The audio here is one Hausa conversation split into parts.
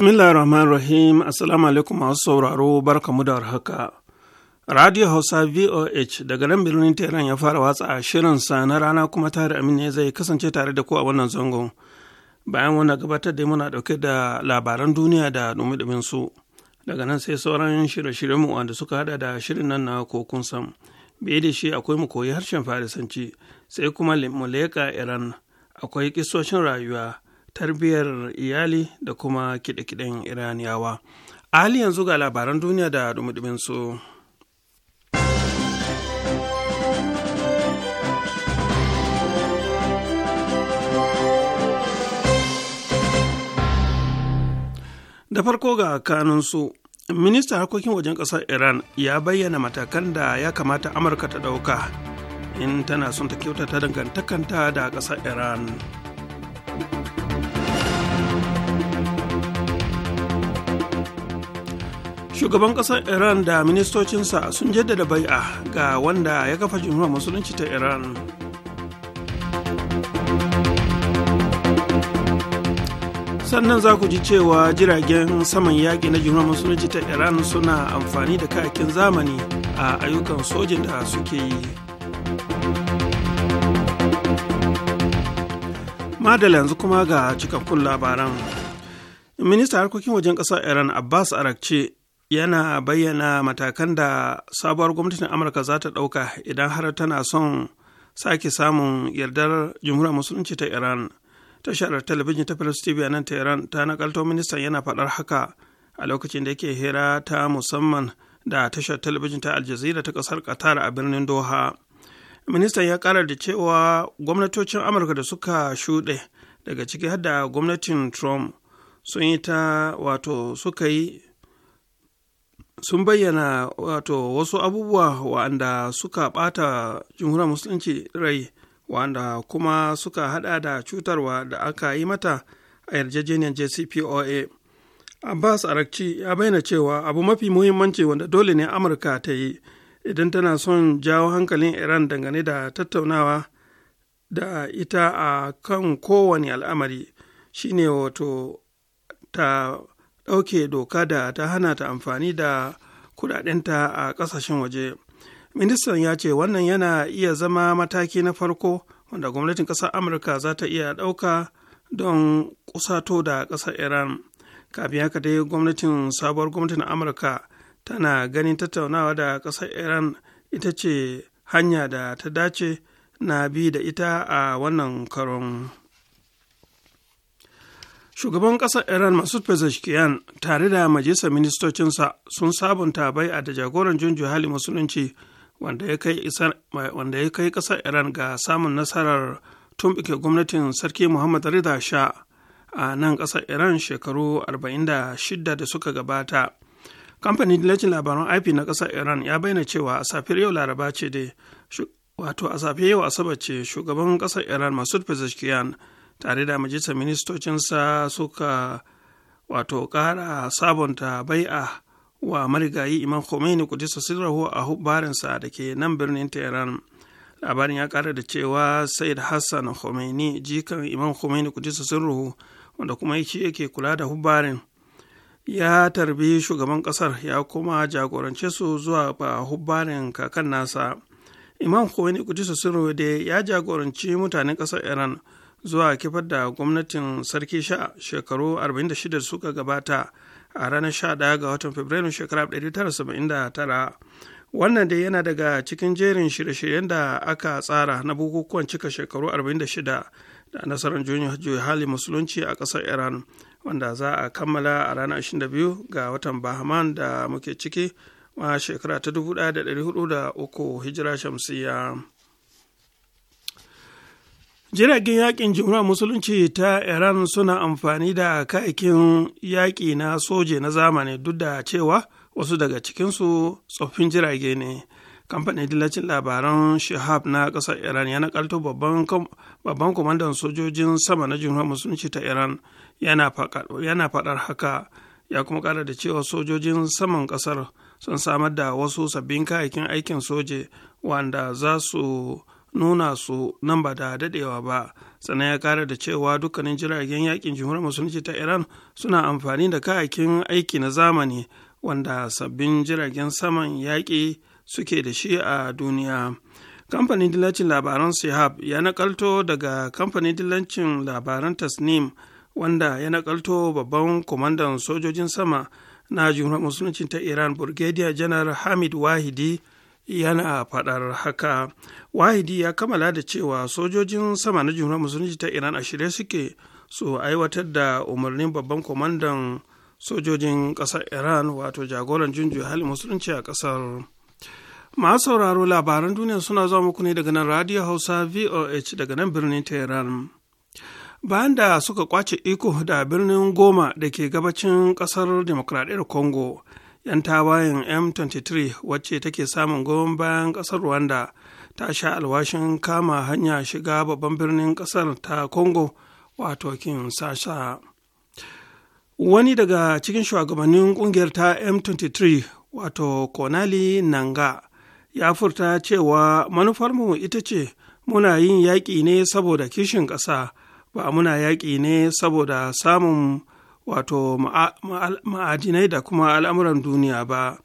Bismillah rahman rahim Assalamu alaikum masu sauraro barkamu da haka. Radio Hausa VOH daga nan birnin Tehran ya fara watsa a shirin sa na rana kuma tare Amin ya zai kasance tare da ku a wannan zangon. Bayan wanda gabatar da muna ɗauke da labaran duniya da dumi su. Daga nan sai sauran shirye-shiryen mu wanda suka hada da shirin nan na kokun sam. Biye da shi akwai mu koyi harshen Farisanci sai kuma mu leka Iran akwai kisoshin rayuwa. tarbiyyar iyali da kuma kiɗe-kiɗen iraniyawa a hali yanzu ga labaran duniya da dumi su da farko ga kanunsu ministan harkokin wajen ƙasar iran ya bayyana matakan da ya kamata amurka ta ɗauka in tana son ta kyautata dangantakanta da ƙasar iran shugaban kasar iran da ministocinsa sun jaddada bai'a ga wanda ya kafa jumhuriyar musulunci ta iran sannan za ku ji cewa jiragen saman yaƙi na jumhuriyar musulunci ta iran suna amfani da kayakin zamani a ayyukan sojin da suke yi madala yanzu kuma ga cikakkun labaran ministan harkokin wajen ƙasar iran abbas arakce yana bayyana matakan da sabuwar gwamnatin amurka za ta ɗauka idan har tana son sake samun yardar jumhuriyar musulunci ta iran tashar talabijin ta filis tv a nan iran ta nakalto ministan yana faɗar haka a lokacin da yake hira ta musamman da tashar talabijin ta aljazira ta ƙasar qatar a birnin doha ministan ya ƙara da cewa gwamnatocin amurka da suka shuɗe daga ciki har da gwamnatin trump sun yi ta wato suka yi sun bayyana wato wasu abubuwa waɗanda suka ɓata jumhuriyar musulunci rai waɗanda kuma suka haɗa da cutarwa da aka yi mata a yarjejeniyar jcpoa abbas arakci ya bayyana cewa abu mafi muhimmanci wanda dole ne amurka ta yi idan tana son jawo hankalin iran dangane da tattaunawa da ita a kan kowane al'amari shine wato ta ɗauke doka da ta hana ta amfani da kudadenta a ƙasashen waje ministan ya ce wannan yana iya zama mataki na farko wanda gwamnatin ƙasar amurka za ta iya ɗauka don kusato da ƙasar iran kafin haka dai gwamnatin sabuwar gwamnatin amurka tana ganin tattaunawa da ƙasar iran ita ce hanya da ta dace na bi da ita a wannan karon. shugaban ƙasar iran masud pezeshkian tare da majalisar ministocinsa sun sabunta bai'a da jagoran junju hali musulunci wanda ya kai ƙasar iran ga samun nasarar tumɓuke gwamnatin sarki muhammad rida sha a nan ƙasar iran shekaru 46 da suka gabata kamfanin dillacin labaran ip na ƙasar iran ya bayyana cewa a safiyar yau laraba ce dai wato a safiyar yau asabar ce shugaban ƙasar iran masud pezeshkian tare da majalisar ministocinsa suka wato kara sabonta bai'a wa marigayi imam khomeini kudisa sirrahu a hubbarinsa da ke nan birnin tehran labarin ya kara da cewa said hassan khomeini jikan imam khomeini kudisa sirrahu wanda kuma shi yake kula da hubbarin ya tarbi shugaban ƙasar ya kuma jagorance su zuwa ba hubbarin kakan nasa imam khomeini kudisa sirrahu da ya jagoranci mutanen ƙasar iran zuwa kifar da gwamnatin sarki sha shekaru 46 suka gabata a ranar 11 ga watan fabrairu shekara 1979 wannan dai yana daga cikin jerin shirye-shiryen da aka tsara na bukukuwan cika shekaru 46 da nasarar juyin hali musulunci a ƙasar iran wanda za a kammala a ranar 22 ga watan bahaman da muke ciki a shekara ta 1403 hijira shamsiyya. jiragen yakin jimura musulunci ta iran suna amfani da kayakin yaƙi na soje na zamani duk da cewa wasu daga cikinsu tsoffin jirage ne kamfanin dillacin labaran shahab na ƙasar iran ya nakalto babban kwamandan sojojin sama na jimura musulunci ta iran yana faɗar haka ya kuma ƙara da cewa sojojin saman ƙasar sun samar da wasu sabbin kayakin aikin soje wanda za su nuna su nan ba da dadewa ba sannan ya kara da cewa dukkanin jiragen yakin jimhuriyar musulunci ta iran suna amfani da kayakin aiki na zamani wanda sabbin jiragen saman yaƙi suke da shi a duniya kamfanin dillancin labaran sihab ya nakalto daga kamfanin dillancin labaran tasnim wanda ya nakalto babban kwamandan sojojin sama na jumhuriyar musulunci ta iran brigadier janar hamid wahidi yana faɗar haka wahidi ya kammala da cewa sojojin sama na jumhuriyar musulunci ta iran a shirye suke su aiwatar da umarnin babban kwamandan sojojin ƙasar iran wato jagoran junju hali musulunci a ƙasar masu sauraro labaran duniya suna zuwa muku ne daga nan radio hausa voh daga nan birnin tehran bayan da suka kwace iko da birnin goma da ke gabacin ƙasar demokradiyyar congo 'yan tawayen m23 wacce take samun goyon bayan kasar rwanda ta sha alwashin kama hanya shiga babban birnin kasar ta congo wato kinshasa wani daga cikin shugabannin ƙungiyar ta m23 wato konali nanga ya furta cewa manufarmu ita ce muna yin yaƙi ne saboda kishin ƙasa ba muna yaƙi ne saboda samun wato ma'adinai da kuma al'amuran duniya ba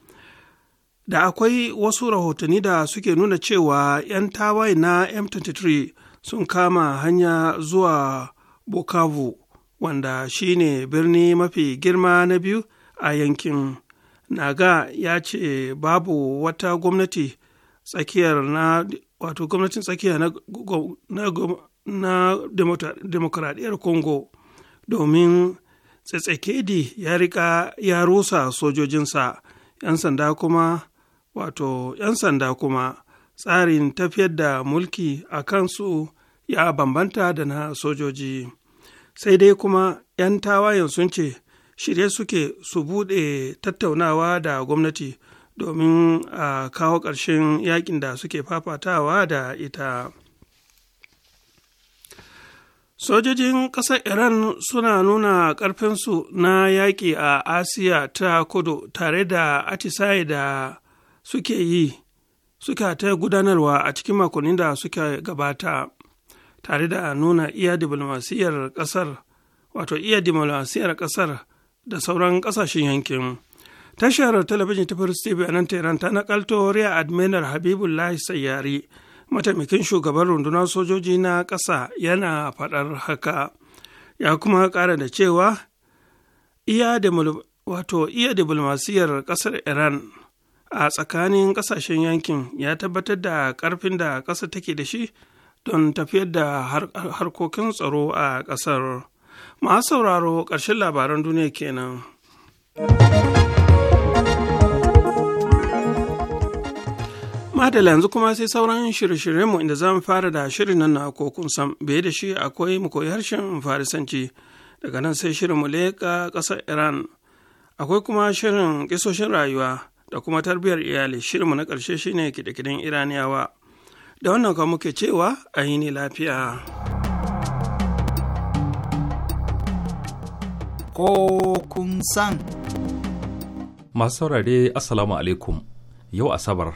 da akwai wasu rahotanni da suke nuna cewa 'yan tawaye na m23 sun kama hanya zuwa bukavu wanda shine birni mafi girma na biyu a yankin naga ya ce babu wata gwamnati tsakiyar na wato gwamnatin tsakiya na, na, na, na congo domin tsetsekedi ya rika ya rusa sojojinsa 'yan sanda kuma wato 'yan sanda kuma tsarin tafiyar da mulki a kansu ya bambanta da na sojoji sai dai kuma 'yan tawayen sun ce shirye suke su buɗe tattaunawa da gwamnati domin a kawo ƙarshen yakin da suke fafatawa da ita Sojojin ƙasar Iran suna nuna ƙarfinsu na yaƙi a Asiya ta kudu tare da atisaye da suke yi, suka ta gudanarwa a cikin makonnin da suka gabata, tare da nuna iya diplomasiyar ƙasar, wato iya diplomasiyar ƙasar da sauran ƙasashen yankin. Tashar talabijin ta First TV a nan Tehran ta naƙalto Rear Admiral Habibullahi Sayyari. mataimakin shugaban rundunar sojoji na ƙasa yana faɗar haka ya kuma ƙara da cewa iya wato iya ƙasar iran a tsakanin ƙasashen yankin ya tabbatar da ƙarfin da ƙasa take da shi don tafiyar da harkokin tsaro a ƙasar masu sauraro ƙarshen labaran duniya kenan. madala yanzu kuma sai sauran shirye mu inda za mu fara da shirin nan na kokun sam biye da shi akwai mu koyi harshen farisanci daga nan sai shirin mu leƙa ƙasar iran akwai kuma shirin ƙisoshin rayuwa da kuma tarbiyar iyali shirin mu na ƙarshe shine kiɗe-kiɗen iraniyawa da wannan kuma muke cewa a yi ne lafiya kokun san masu saurare assalamu alaikum yau asabar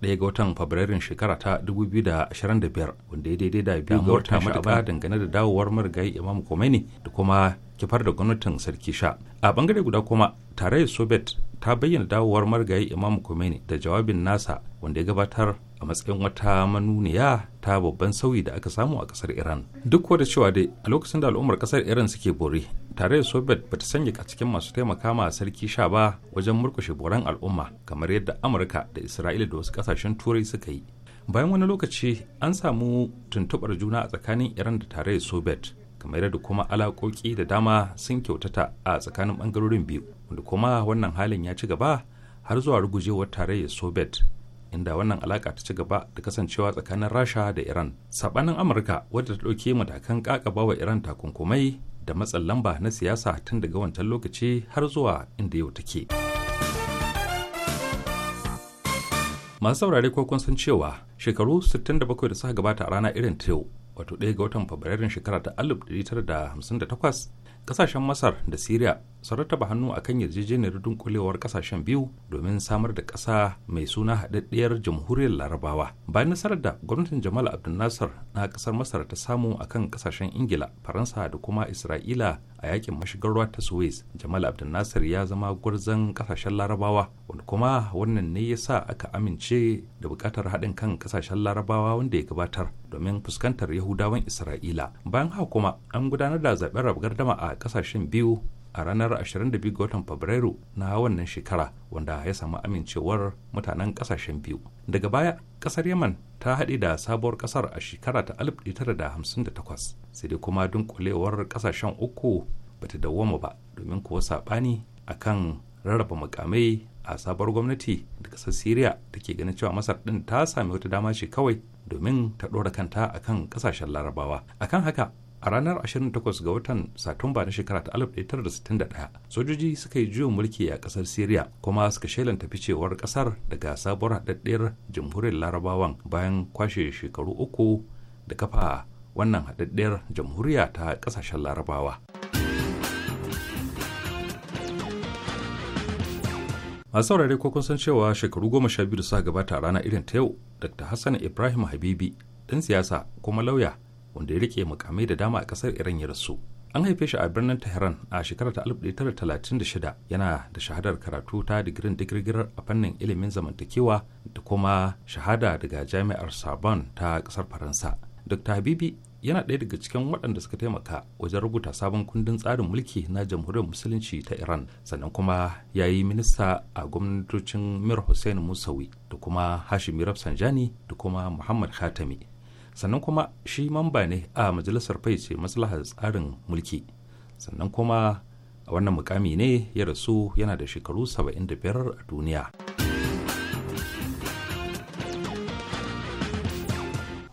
daya ga watan fabrairun shekara ta 2025 wanda ya daidai da biyu ga watan sha'aba dangane da dawowar marigayi imam komeni da kuma kifar da gwamnatin sarki sha a bangare guda kuma tarayyar soviet ta bayyana dawowar marigayi imam komeni da jawabin nasa wanda ya gabatar a matsayin wata manuniya ta babban sauyi da aka samu a kasar iran duk da cewa dai a lokacin da al'ummar kasar iran suke bore tare da soviet bata sanya a cikin masu taimaka ma sarki sha ba wajen murkushe boran al'umma kamar yadda amurka da isra'ila da wasu kasashen turai suka yi bayan wani lokaci an samu tuntubar juna a tsakanin iran da tare da soviet kamar yadda kuma alaƙoƙi da dama sun kyautata a tsakanin ɓangarorin biyu wanda kuma wannan halin ya ci gaba har zuwa rugujewar tarayyar soviet inda wannan alaka ta ci gaba da kasancewa tsakanin rasha da iran sabanin amurka wadda ta ɗauke matakan kakaba wa iran takunkumai da matsan lamba na siyasa tun daga wancan lokaci har zuwa inda yau take masu saurare ko kun san cewa shekaru 67 da suka gabata a rana irin ta yau wato ɗaya ga watan fabrairun shekara ta 1958 kasashen masar da siriya sun rattaba hannu akan kan yarjejeniyar dunkulewar kasashen biyu domin samar da ƙasa mai suna haɗaɗɗiyar jamhuriyar larabawa bayan nasarar da gwamnatin jamal abdul na ƙasar masar ta samu a kan ƙasashen ingila faransa da kuma isra'ila a yakin mashigar ruwa ta suez jamal abdul ya zama gwarzon ƙasashen larabawa wanda kuma wannan ne ya sa aka amince da buƙatar haɗin kan ƙasashen larabawa wanda ya gabatar domin fuskantar yahudawan isra'ila bayan haka kuma an gudanar da zaɓen rabgar dama a ƙasashen biyu a ranar 22 ga watan fabrairu na wannan shekara wanda ya samu amincewar mutanen kasashen biyu daga baya kasar yaman ta haɗe da sabuwar kasar a shekara ta 1958 sai dai kuma dunkulewar kasashen uku ba ta dawoma ba domin kuwa saɓani a kan rarraba mukamai a sabuwar gwamnati da kasar siriya da ke ganin cewa masar ɗin ta sami wata dama ce kawai domin ta ɗora kanta a kan kasashen larabawa a kan haka a ranar 28 ga watan satumba na shekara ta 1961 sojoji suka yi juyin mulki a kasar syria kuma suka shelanta ficewar kasar daga sabuwar haɗaɗɗiyar jamhuriyar larabawan bayan kwashe shekaru uku da kafa wannan haɗaɗɗiyar jamhuriya ta ƙasashen larabawa masu saurare ko kun san cewa shekaru goma sha biyu da suka gabata a rana irin ta yau dr hassan ibrahim habibi ɗan siyasa kuma lauya wanda ya rike mukamai da dama a kasar iran ya rasu an haife shi a birnin tehran a shekarar ta 1936 yana da shahadar karatu ta digirin digirgirar a fannin ilimin zamantakewa da kuma shahada daga jami'ar sabon ta kasar faransa dr habibi yana ɗaya daga cikin waɗanda suka taimaka wajen rubuta sabon kundin tsarin mulki na jamhuriyar musulunci ta iran sannan kuma ya yi minista a gwamnatocin mir hussein musawi da kuma hashimi rafsanjani da kuma muhammad khatami sannan kuma shi mamba ne a majalisar ce maslahar tsarin mulki sannan kuma a wannan mukami ne ya rasu yana da shekaru 75 a duniya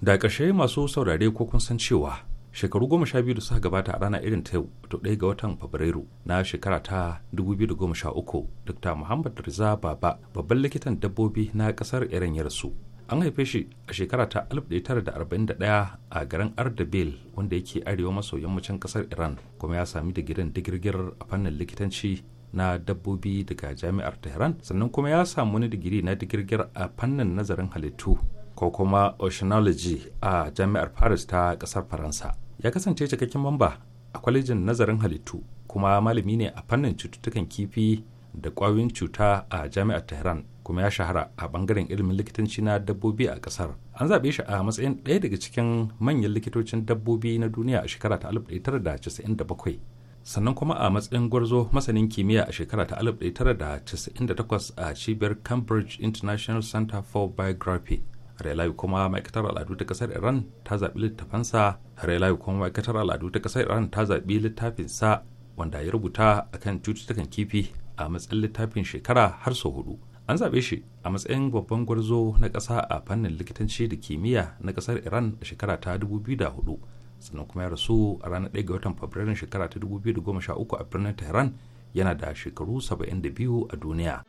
da ƙarshe masu saurare ko kun san cewa shekaru goma sha biyu da suka gabata a rana irin ta to ɗaya ga watan fabrairu na shekara ta 2013 dr muhammad riza baba babban likitan dabbobi na ƙasar iran ya rasu an haife shi a shekara ta 1941 a garin ardabil wanda yake arewa maso yammacin kasar iran kuma ya sami digirin digirgir a fannin likitanci na dabbobi daga jami'ar tehran sannan kuma ya samu wani digiri na digirgir a fannin nazarin halittu ko kuma oceanology a jami'ar paris ta kasar faransa ya kasance cikakken mamba a kwalejin nazarin halittu kuma malami ne a fannin cututtukan kifi da kwayoyin cuta a jami'ar tehran kuma ya shahara a bangaren ilimin likitanci na dabbobi a kasar an zaɓe shi a matsayin ɗaya daga cikin manyan likitocin dabbobi na duniya a shekara ta 1997 sannan kuma a matsayin gwarzo masanin kimiyya a shekara ta 1998 a cibiyar cambridge international center for biography Relayu kuma ma'aikatar al'adu ta kasar Iran ta zaɓi littafansa Relayu kuma ma'aikatar al'adu ta kasar Iran ta zaɓi littafinsa wanda ya rubuta akan cututtukan kifi a matsayin littafin shekara har sau hudu. an zaɓe shi a matsayin babban gwarzo na ƙasa a fannin likitanci da kimiyya na ƙasar iran a shekara ta 2004 sannan kuma ya rasu a ranar 1 ga watan fabrairun shekara ta 2013 a birnin tehran yana da shekaru 72 a duniya.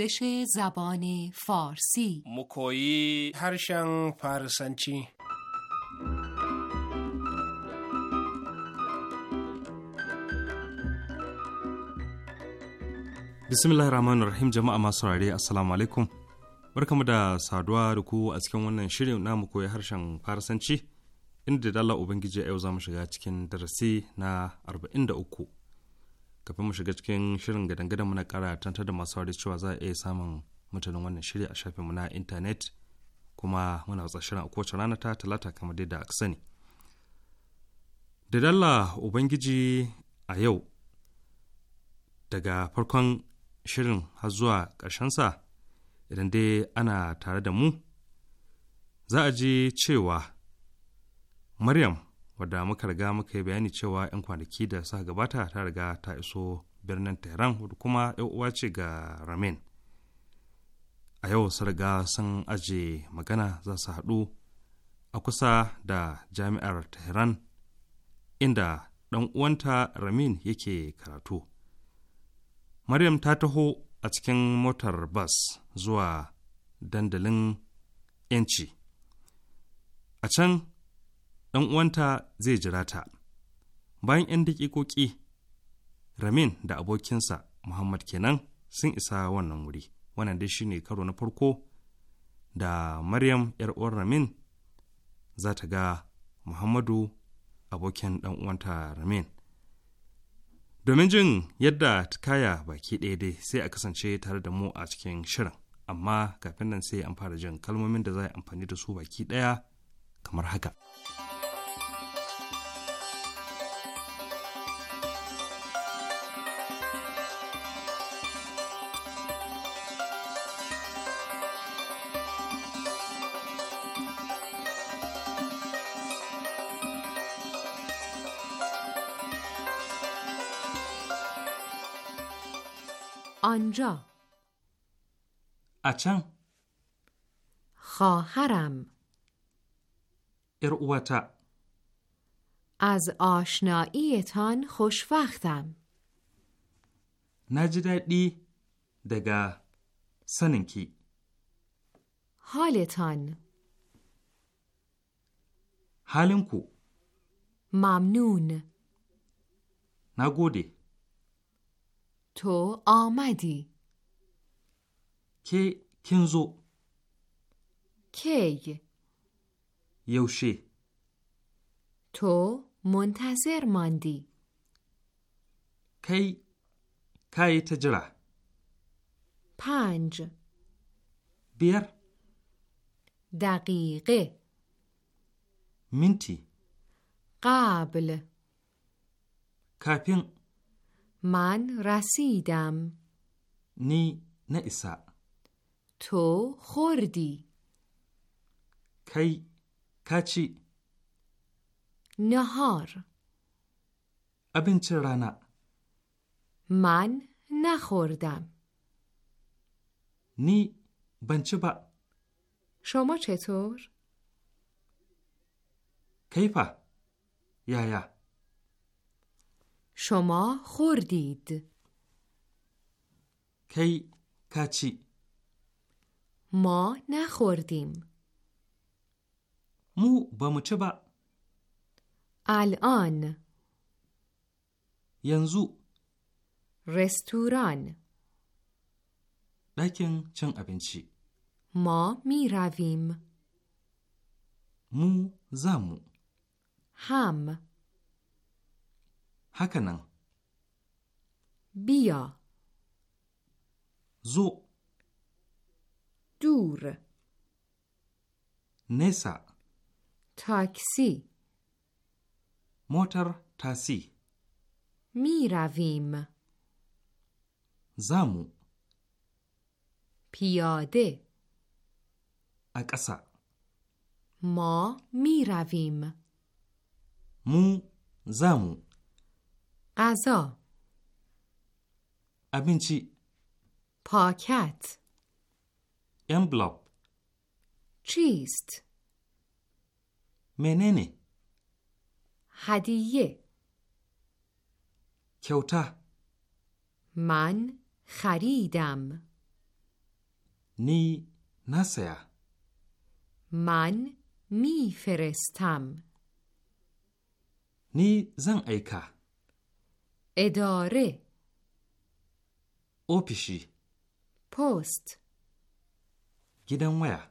آموزش زبان فارسی مکویی هرشن فارسنچی bismillahir rahman rahim jama'a masu saurare assalamu alaikum barkamu da saduwa da ku a cikin wannan shirin namu koyi harshen farasanci inda da dala ubangiji yau za mu shiga cikin darasi na 43 kafin mu shiga cikin shirin gadan mu na kara tantar da masu saurari cewa za a iya samun mutanen wannan shiri a shafin mu na intanet kuma muna watsa shirin a kowace rana ta talata kamar dai da aka sani da dalla ubangiji a yau daga farkon shirin har zuwa ƙarshensa idan dai ana tare da mu za a ji cewa maryam wadda muka riga muka yi bayani cewa 'yan kwanaki da suka gabata ta riga ta iso birnin tehran wadda kuma uwa ce ga ramin a yau su riga sun aje magana za su haɗu a kusa da jami'ar tehran inda ɗan uwanta ramin yake karatu maryam ta taho a cikin motar bas zuwa dandalin 'yanci a can ɗan uwanta zai jira ta bayan 'yan daƙiƙoƙi ramin da abokinsa muhammad kenan sun isa wannan wuri wannan dai shine karo na farko da maryam 'yar uwar ramin za ta ga muhammadu abokin ɗan uwanta ramin domin jin yadda ta kaya baki ɗaya dai sai a kasance tare da mu a cikin shirin amma kafin nan sai an fara jin kalmomin da za a amfani da su baki ɗaya kamar haka. آنجا خواهرم اروتا از آشناییتان خوشوقتم نجددی دگا سننکی حالتان کو؟ ممنون نگودی تو آمدی کی کنزو کی یوشی تو منتظر ماندی کی کی تجرا پنج بیر دقیقه منتی قابل کپین من رسیدم نی نئسا تو خوردی کی کچی نهار ابن چرانا من نخوردم نی بنچه با شما چطور؟ کیفه یا یا شما خوردید کی کچی ما نخوردیم مو با الان ینزو رستوران لیکن چن ابنچی ما می رویم مو زمو هم حکنن بیا زو دور نسا تاکسی موتر تاسی می رویم زامو پیاده اکسا ما می رویم مو زامو غذا ابینچی پاکت امبلاب چیست مننه هدیه کوتا من خریدم نی نسیا من فرستم نی زن ایکا اداره اوپیشی پست گیدن ویا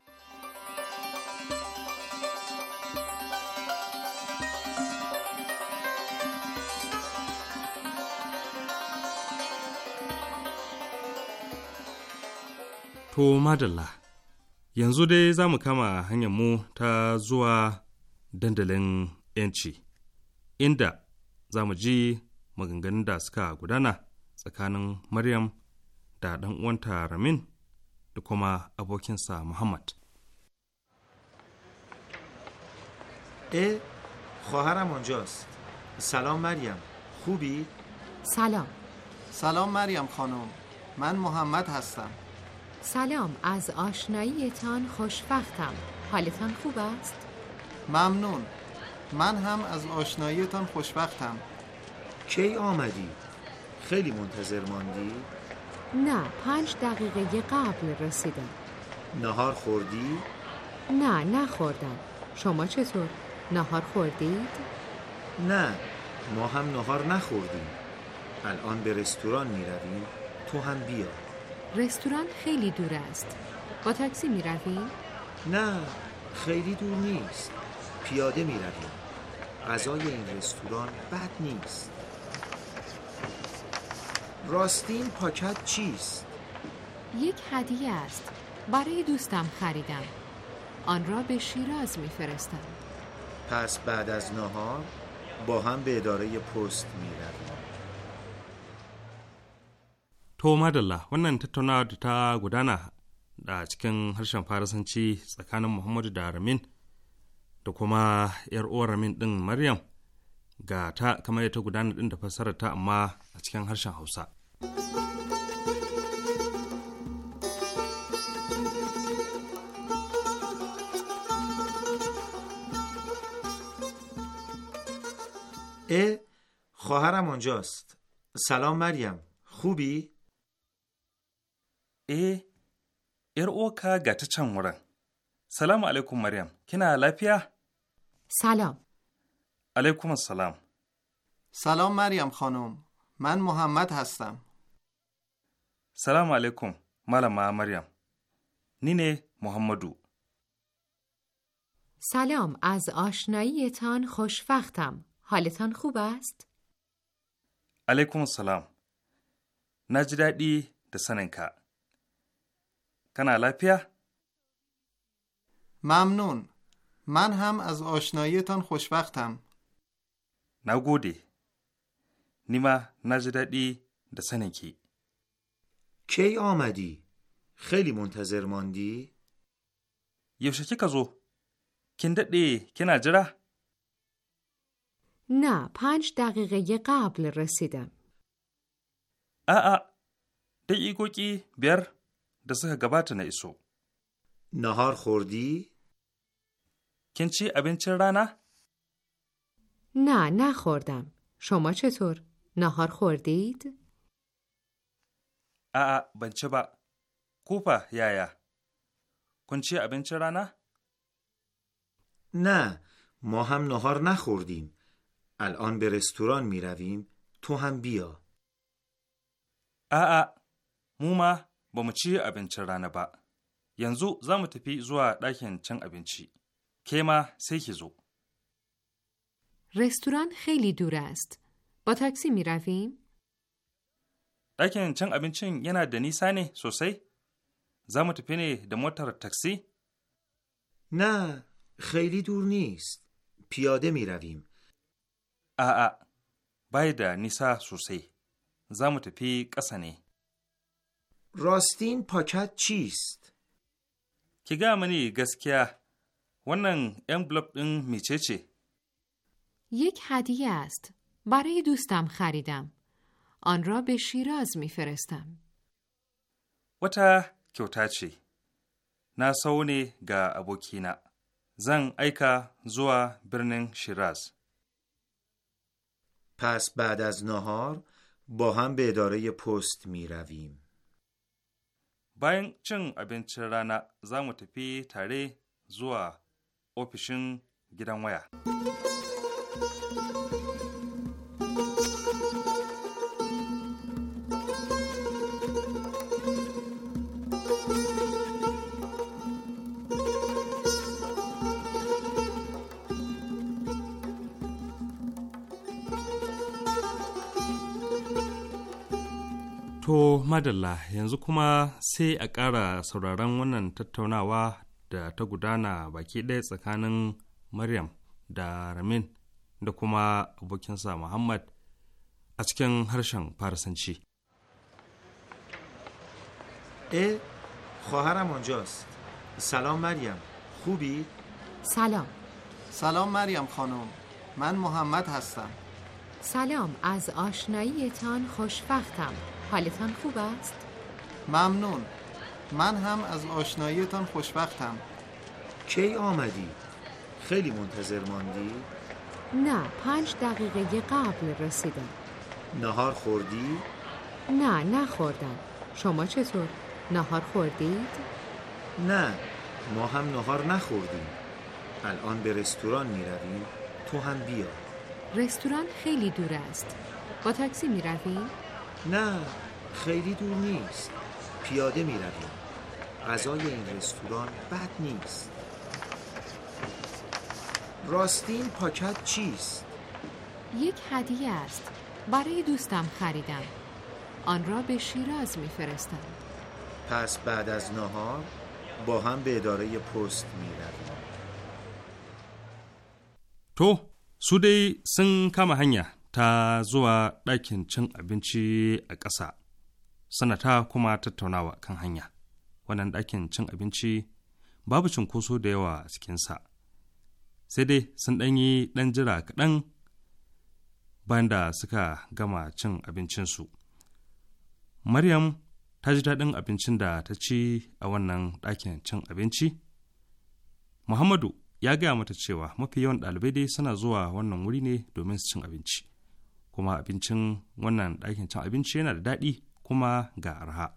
To madalla, yanzu dai za mu kama hanyarmu mu ta zuwa dandalin ‘yanci, inda za mu ji maganganun da suka gudana tsakanin maryam da ɗan uwanta ramin da kuma abokinsa muhammad اه خواهرم آنجاست سلام مریم خوبی؟ سلام سلام مریم خانم من محمد هستم سلام از آشناییتان خوشبختم حالتان خوب است؟ ممنون من هم از آشناییتان خوشبختم کی آمدی؟ خیلی منتظر ماندی؟ نه پنج دقیقه قبل رسیدم نهار خوردی؟ نه نخوردم شما چطور؟ نهار خوردید؟ نه ما هم نهار نخوردیم الان به رستوران می رویم تو هم بیا رستوران خیلی دور است با تاکسی می رویم؟ نه خیلی دور نیست پیاده می رویم غذای این رستوران بد نیست راستین پاکت چیست؟ یک هدیه است برای دوستم خریدم آن را به شیراز میفرستم پس بعد از نهار با هم به اداره پست میرویم To madalla wannan tattaunawa da ta gudana da cikin harshen farasanci tsakanin Muhammadu da Ramin da kuma ‘yar uwar Ramin ɗin Maryam ga ta kamar ta gudana ɗin da ta amma a cikin harshen Hausa. اه خواهرم اونجاست سلام مریم خوبی؟ اه ار اوکا گتا چن ورن سلام علیکم مریم کنا لافیا سلام علیکم السلام سلام مریم خانم من محمد هستم سلام علیکم ملما مریم نینه محمدو سلام از آشناییتان خوشفختم. حالتان خوب است؟ علیکم سلام نجدادی دسننکا کنا لپیه؟ ممنون من هم از آشناییتان خوشفختم. نگودی نیما د دسننکی کی آمدی؟ خیلی منتظر ماندی؟ یوشه کزو؟ دی کنه جره؟ نه پنج دقیقه قبل رسیدم آآ کی بیر دسته گبات نیسو نهار خوردی؟ کنچی ابین رانه؟ نه نخوردم شما چطور؟ نهار خوردید؟ آ آ ci با یایا یا چی ابن رانه نه؟ ما هم نهار نخوردیم الان به رستوران می رویم تو هم بیا آ موما با مچی چی ابن با ینزو زم تپی زوا دکن چن ابن که ما سیکی زو رستوران خیلی دور است با تاکسی می رویم؟ ɗakin cin abincin yana da nisa ne sosai? Za mu tafi ne da motar taksi? Na, khairi دور نیست. piyade می رویم. آآ، bai da nisa sosai. Za mu tafi ƙasa ne. rostin پاکت cheese. ki ga mani gaskiya wannan envelope ɗin mecece? یک هدیه است. برای دوستم خریدم. آن را به شیراز میفرستم. وتا kyauta ce, na sau ne ga abokina, zan aika zuwa birnin Shiraz. پس بعد از نهار با هم به اداره پست می رویم. bayan cin abincin rana za mu tafi tare zuwa ofishin gidan waya. To madalla yanzu kuma sai a ƙara sauraron wannan tattaunawa da ta gudana baki ɗaya tsakanin Maryam da Ramin da kuma abokinsa Muhammad a cikin harshen Farisanci. اه e, خواهرم آنجاست سلام مریم خوبی؟ سلام سلام مریم خانم من محمد هستم سلام از آشناییتان خوشبختم حالتان خوب است؟ ممنون من هم از آشناییتان خوشبختم کی آمدی؟ خیلی منتظر ماندی؟ نه پنج دقیقه قبل رسیدم نهار خوردی؟ نه نخوردم شما چطور؟ نهار خوردید؟ نه ما هم نهار نخوردیم الان به رستوران می رویم تو هم بیا رستوران خیلی دور است با تاکسی می رویم؟ نه خیلی دور نیست پیاده می رویم غذای این رستوران بد نیست راستین پاکت چیست؟ یک هدیه است برای دوستم خریدم آن را به شیراز میفرستم پس بعد از نهار با هم به اداره پست می رویم تو سودی سن کم هنگه ta zuwa ɗakin cin abinci a ƙasa suna ta kuma tattaunawa kan hanya wannan ɗakin cin abinci babu cunkoso da yawa a cikinsa sai dai sun ɗan yi ɗan jira kaɗan bayan da suka gama cin abincinsu maryam ta ji daɗin abincin da ta ci a wannan ɗakin cin abinci muhammadu ya gaya mata cewa mafi yawan ɗalibai dai suna zuwa wannan wuri ne domin su cin abinci kuma abincin wannan ɗakin cin abinci yana da daɗi kuma ga arha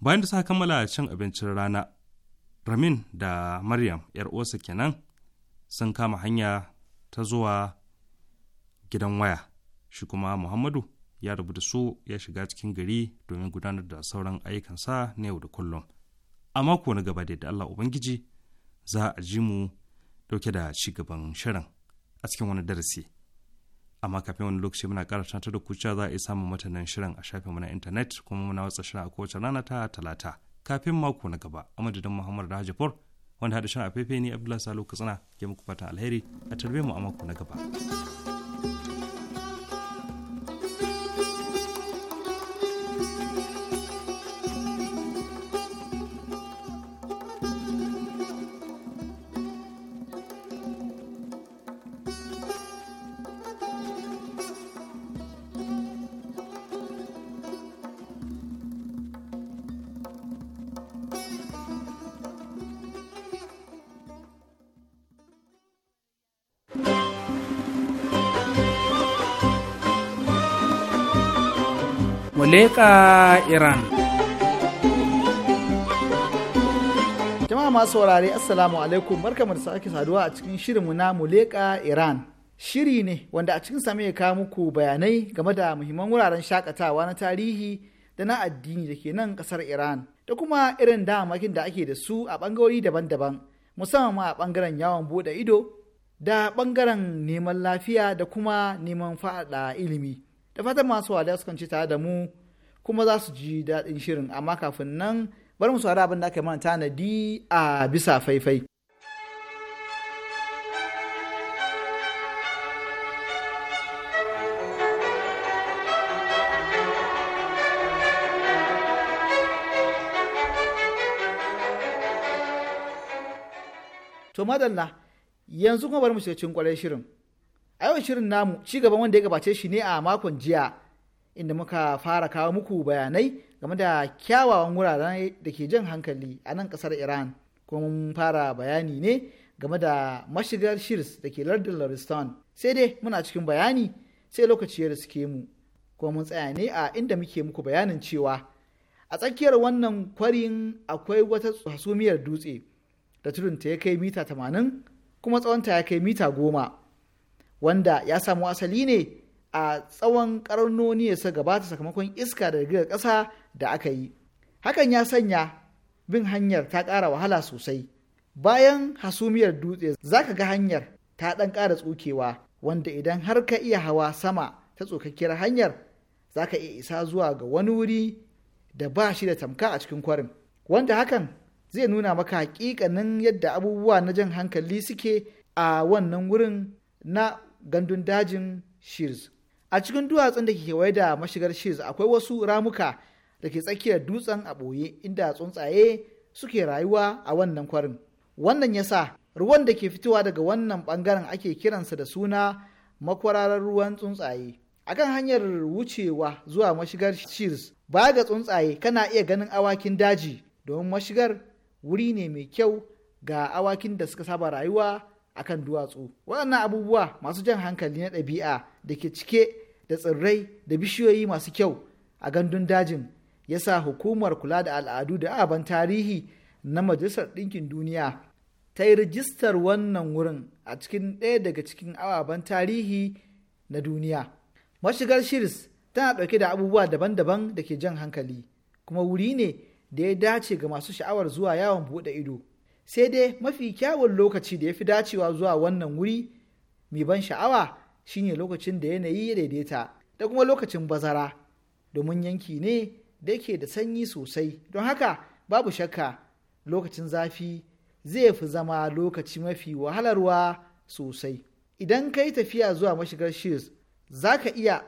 bayan da suka kammala cin abincin rana ramin da maryam yar uwarsa kenan sun kama hanya ta zuwa gidan waya shi kuma muhammadu ya rabu da su ya shiga cikin gari domin gudanar da sauran ayyukansa na yau da kullum a mako na gaba da allah ubangiji za a ji mu ɗauke da shi gaban shirin a cikin wani darasi amma kafin wani lokaci muna kara tantar da kuciya za a iya samun matanin shirin a shafinmu na intanet kuma muna watsa shirin a kowace rana ta talata kafin mako na gaba a madadin muhammad da wanda haɗa shirin a faifai ne abdullahi salo katsina ke muku fatan alheri a tarbe mu a mako na gaba. leƙa iran jama'a masu saurare assalamu alaikum barkamu da sake saduwa a cikin mu na muleka iran shiri ne wanda a cikin same ya kawo muku bayanai game da muhimman wuraren shakatawa na tarihi da na addini da ke nan kasar iran da kuma irin damakin da ake da su a bangarori daban-daban musamman ma a bangaren yawon bude ido da bangaren neman lafiya da kuma neman fada ilimi da fatan masu wada su kanci tare da mu kuma za su ji daɗin shirin amma kafin nan bari mu saurari abin da aka mana tanadi a bisa faifai. To madalla yanzu kuma bari mu shiga cikin kwarai shirin. a yau shirin namu ci gaban wanda ya gabace shi ne a makon jiya inda muka fara kawo muku bayanai game da kyawawan wuraren da ke jan hankali a nan kasar iran kuma mun fara bayani ne game da mashigar shirs da ke lardin lariston sai dai muna cikin bayani sai lokaci ya riske mu kuma mun tsaya ne a inda muke muku bayanin cewa a tsakiyar wannan kwarin akwai wata hasumiyar dutse da tudunta ya kai mita 80 kuma tsawonta ya kai mita goma. wanda ya samu asali ne a tsawon karnoni ya suka gabata sakamakon iska da girgizar ƙasa da aka yi hakan ya sanya bin hanyar ta ƙara wahala sosai bayan hasumiyar dutse zaka ga hanyar ta ɗan ƙara tsukewa wanda idan har ka iya hawa sama ta tsokakkiyar hanyar zaka iya isa zuwa ga wani wuri da ba shi da tamka a cikin kwarin wanda hakan zai nuna maka hakikanin yadda abubuwa na jan hankali suke a wannan wurin na gandun dajin shears a cikin duwatsun da ke kewaye da mashigar shears akwai wasu ramuka da ke tsakiyar dutsen a ɓoye inda tsuntsaye suke rayuwa a wannan kwarin wannan yasa ruwan da ke fitowa daga wannan bangaren ake kiransa da suna makwararar ruwan tsuntsaye akan hanyar wucewa zuwa mashigar shears baya ga tsuntsaye kana iya ganin awakin daji domin mashigar wuri ne mai kyau ga awakin da suka saba rayuwa akan duwatsu waɗannan abubuwa masu jan hankali na ɗabi'a da ke cike da tsirrai da bishiyoyi masu kyau a gandun dajin ya sa hukumar kula da al'adu da aban tarihi na majalisar ɗinkin duniya ta yi rijistar wannan wurin a cikin ɗaya daga cikin ababen tarihi na duniya mashigar shiris tana ɗauke da abubuwa daban-daban da ke jan hankali kuma wuri ne da ya dace ga masu sha'awar zuwa yawon buɗe ido sai dai mafi kyawun lokaci da ya fi dacewa zuwa wannan wuri mai ban sha'awa shine lokacin da yanayi ya daidaita da kuma lokacin bazara domin yanki ne da ke da sanyi sosai don haka babu shakka lokacin zafi zai fi zama lokaci mafi wahalarwa sosai idan ka yi tafiya zuwa mashigar shears za ka iya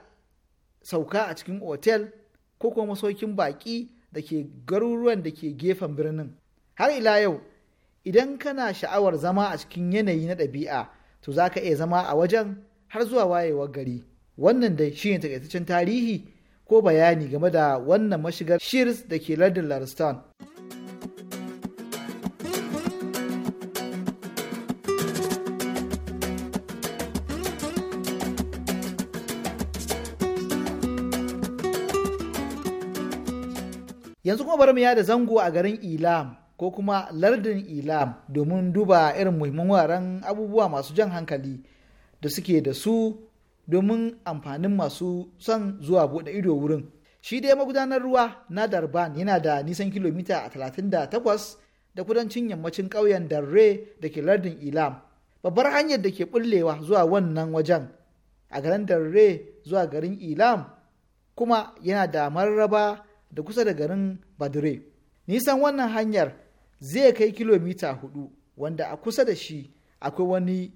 sauka a cikin otel ko kuma masaukin baƙi da ke garuruwan da ke gefen birnin har ila yau idan kana sha'awar zama a cikin yanayi na ɗabi'a to za ka iya zama a wajen har zuwa wayewar gari wannan da shi ne takaitaccen tarihi ko bayani game da wannan mashigar Shirs da ke lardin laristan yanzu kuma bari mu yada zango a garin ilam ko kuma lardin ilam domin duba irin muhimman wuraren abubuwa masu jan hankali da suke da su domin amfanin masu son zuwa bude ido wurin shi dai magudanar ruwa na darban yana da nisan kilomita 38 da kudancin yammacin ƙauyen darre da ke lardin ilam babbar hanyar da ke bullewa zuwa wannan wajen a garin darre zuwa garin ilam kuma yana da mararraba da kusa da garin badire nisan wannan hanyar zai kai kilomita hudu wanda a kusa da shi akwai wani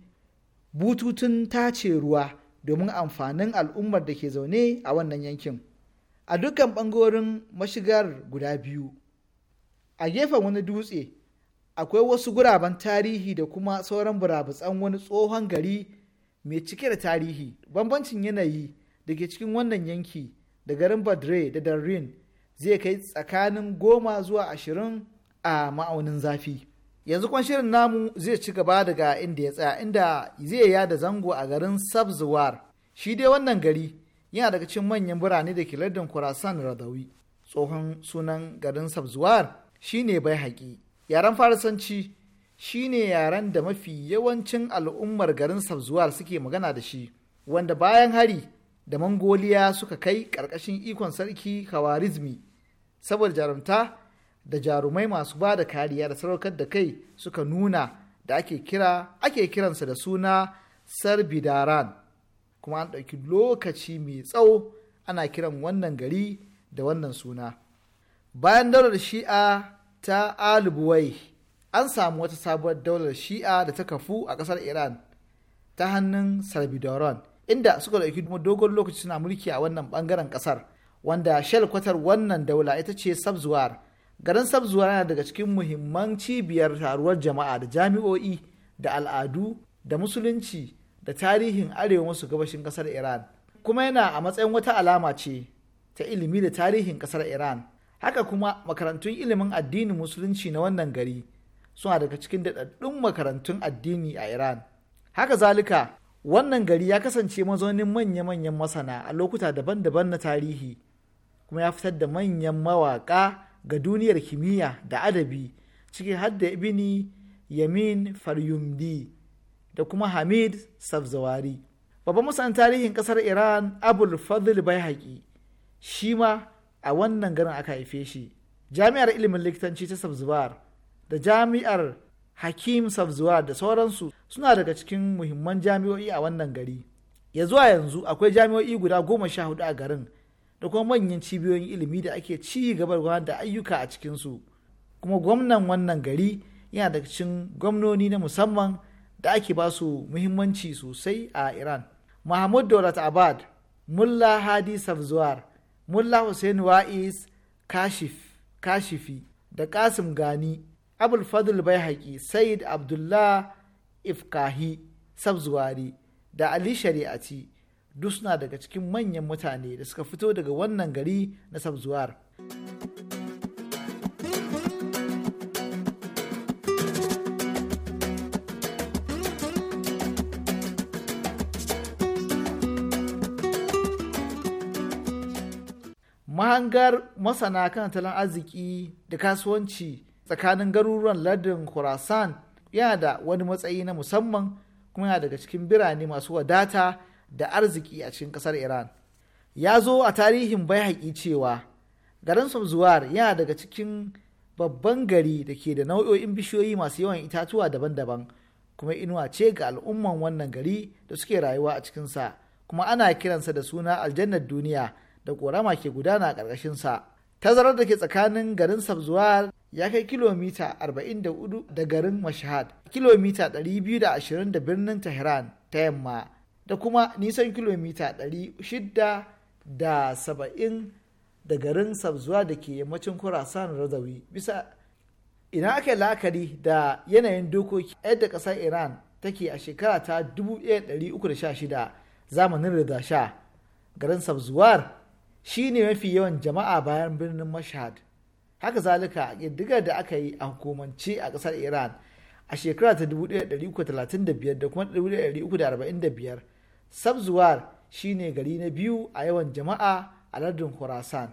bututun tace ruwa domin amfanin al'ummar da ke zaune a wannan yankin a dukkan bangorin mashigar guda biyu a gefen wani dutse akwai wasu guraben tarihi da kuma sauran burabutsan wani tsohon gari mai cike da tarihi bambancin yanayi da ke cikin wannan yanki da garin badre da darrin zai kai tsakanin goma zuwa ashirin a ma'aunin zafi yanzu kwan shirin namu zai ci gaba daga inda ya tsaya inda zai ya da zango a garin sabzuwar shi dai wannan gari yana daga cikin manyan birane da ke lardin kurasan radawi tsohon sunan garin sabzuwar shine bai haƙi yaren farisanci shine yaren da mafi yawancin al'ummar garin sabzuwar suke magana da shi wanda bayan hari da mangoliya suka kai ƙarƙashin ikon sarki kawarizmi saboda jarumta da jarumai masu ba da kariya da saraukar da kai suka nuna da ake kira ake kiransa da suna sarbidaran kuma an ɗauki lokaci mai tsawo ana kiran wannan gari da wannan suna bayan daular shi'a ta alibuwai an samu wata sabuwar daular shi'a da ta kafu a ƙasar iran ta hannun sarbidaran inda suka ɗauki dogon lokaci suna mulki a wannan ɓangaren ƙasar wanda shalkwatar wannan daula ita ce sabzuwar garin sabzuwa yana daga cikin muhimman cibiyar taruwar jama'a da jami'o'i da al'adu da musulunci da tarihin arewa masu gabashin kasar iran kuma yana a matsayin wata alama ce ta ilimi da tarihin kasar iran haka kuma makarantun ilimin addinin musulunci na wannan gari suna daga cikin daɗaɗɗun makarantun addini a iran haka zalika wannan gari ya kasance mazaunin manya-manyan masana a lokuta daban-daban na tarihi kuma ya fitar da manyan mawaƙa ga duniyar kimiyya da adabi ciki hadda ibini yamin faryumdi da kuma hamid safzawari babban musan tarihin kasar iran abul fadl baihaqi shi ma a wannan garin aka haife shi jami'ar ilimin likitanci ta Safzawar da jami'ar hakim Safzawar da sauransu suna daga cikin muhimman jami'o'i a wannan gari ya zuwa yanzu akwai jami'o'i guda goma sha hudu a garin da kuma manyan cibiyoyin ilimi da ake ci gaba da ayyuka a cikinsu kuma gwamnan wannan gari yana daga cikin gwamnoni na musamman da ake ba su muhimmanci sosai a iran mahmud daulat abad mulla hadi safzuwar mulla hussein wa'is kashif kashifi da kasim gani abul fadl bai said abdullah ifkahi safzuwari da ali shari'ati duk suna daga cikin manyan mutane da suka fito daga wannan gari na sabzuwar. mahangar masana kan tattalin arziki da kasuwanci tsakanin garuruwan lardin khorasan yana da wani matsayi na musamman kuma yana daga cikin birane masu wadata da arziki a cikin kasar iran ya zo a tarihin bai cewa garin samzuwar yana daga cikin babban gari da ke da nau'o'in bishiyoyi masu yawan itatuwa daban-daban kuma inuwa ce ga al'umman wannan gari da suke rayuwa a cikinsa kuma ana kiransa da suna aljannar duniya da ƙorama ke gudana a ƙarƙashinsa tazarar da ke tsakanin garin sabzuwar ya kai kilomita 44 da garin mashahad kilomita 220 da birnin tehran ta yamma da kuma nisan kilomita 600 da saba'in da garin sabzuwa da ke yammacin kurasan radawi bisa ina aka la'akari da yanayin dokoki yadda ƙasar iran take a shekara ta 1316 zamanin da sha garin sabzuwar shi ne mafi yawan jama'a bayan birnin mashhad haka zalika ƙiddigar da aka yi a hukumance a ƙasar iran a shekara ta 1335 da kuma 1345 sabzuwar shine gari na biyu a yawan jama'a a lardin khurasan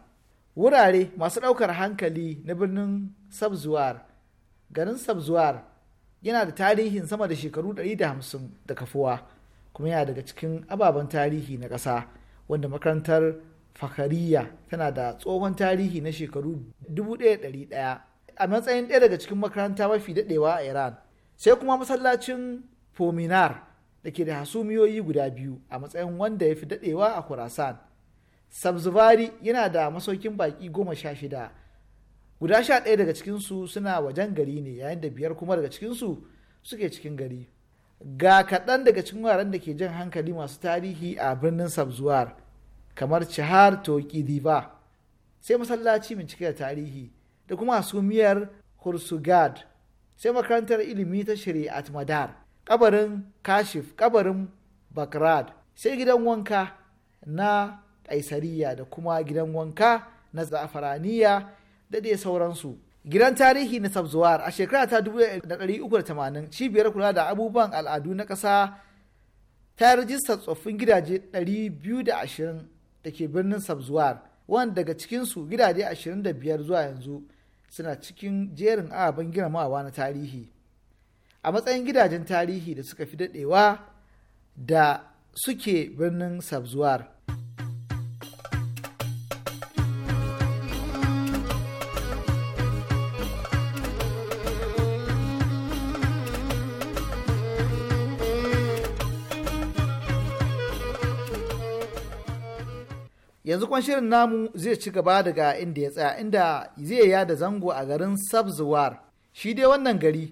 wurare masu ɗaukar hankali na birnin sabzuwar garin sabzuwar yana da tarihin sama da shekaru 150 da kafuwa kuma yana daga cikin ababen tarihi na ƙasa wanda makarantar fakariya tana da tsohon tarihi na shekaru 1100 a matsayin ɗaya daga cikin makaranta mafi daɗewa a iran sai kuma masallacin fominar da ke da hasumiyoyi guda biyu a matsayin wanda ya fi dadewa a kurasan. Sabzuvari yana da masaukin baƙi goma sha shida. Guda sha ɗaya daga cikinsu suna wajen gari ne yayin da biyar kuma daga cikinsu suke cikin gari. Ga kaɗan daga cikin wuraren da ke jan hankali masu tarihi a birnin Sabzuwar kamar Cihar Toki Diva sai masallaci bincike cike da tarihi da kuma hasumiyar Hursugad sai makarantar ilimi ta Shari'at Madar. kabarin kashif kabarin bakrad sai gidan wanka na kaisariya da kuma gidan wanka na zafaraniya da dai sauransu gidan tarihi na sabzuwar a shekara ta 1380 cibiyar kula da abubuwan al'adu na ƙasa ta rajista tsoffin gidaje 220 da ke birnin sabzuwar wanda daga cikinsu gidaje 25 zuwa yanzu suna cikin jerin ababen girmamawa na tarihi a matsayin gidajen tarihi da suka fi daɗewa da suke birnin sabzuwar yanzu kwan shirin namu zai ci gaba daga inda ya tsaya inda zai yada zango a garin sabzuwar shi dai wannan gari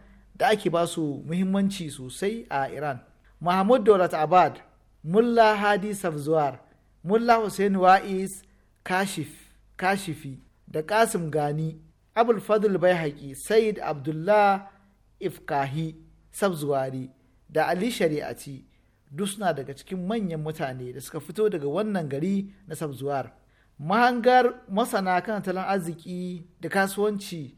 da ake ba su muhimmanci sosai a iran mahmud daulat abad mulla hadi safzuwar mulla hussein wa'is kashif kashifi da kasim gani abul fadl bai said abdullah ifkahi sabzuwari da ali shari'ati duk suna daga cikin manyan mutane da suka fito daga wannan gari na sabzuwar mahangar masana kan talon arziki da kasuwanci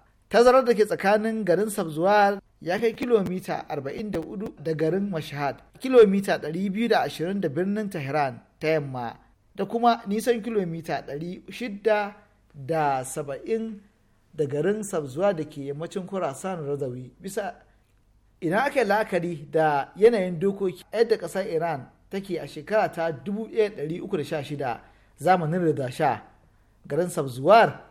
tazarar da ke tsakanin garin sabzuwar ya kai kilomita 44 da garin mashahad kilomita 220 da birnin tehran ta yamma da kuma nisan kilomita 670 da garin sabzuwa da ke yammacin kurasan radawi bisa ina aka la'akari da yanayin dokoki yadda ƙasar iran take a shekara ta 1316 zamanin rida sha garin sabzuwar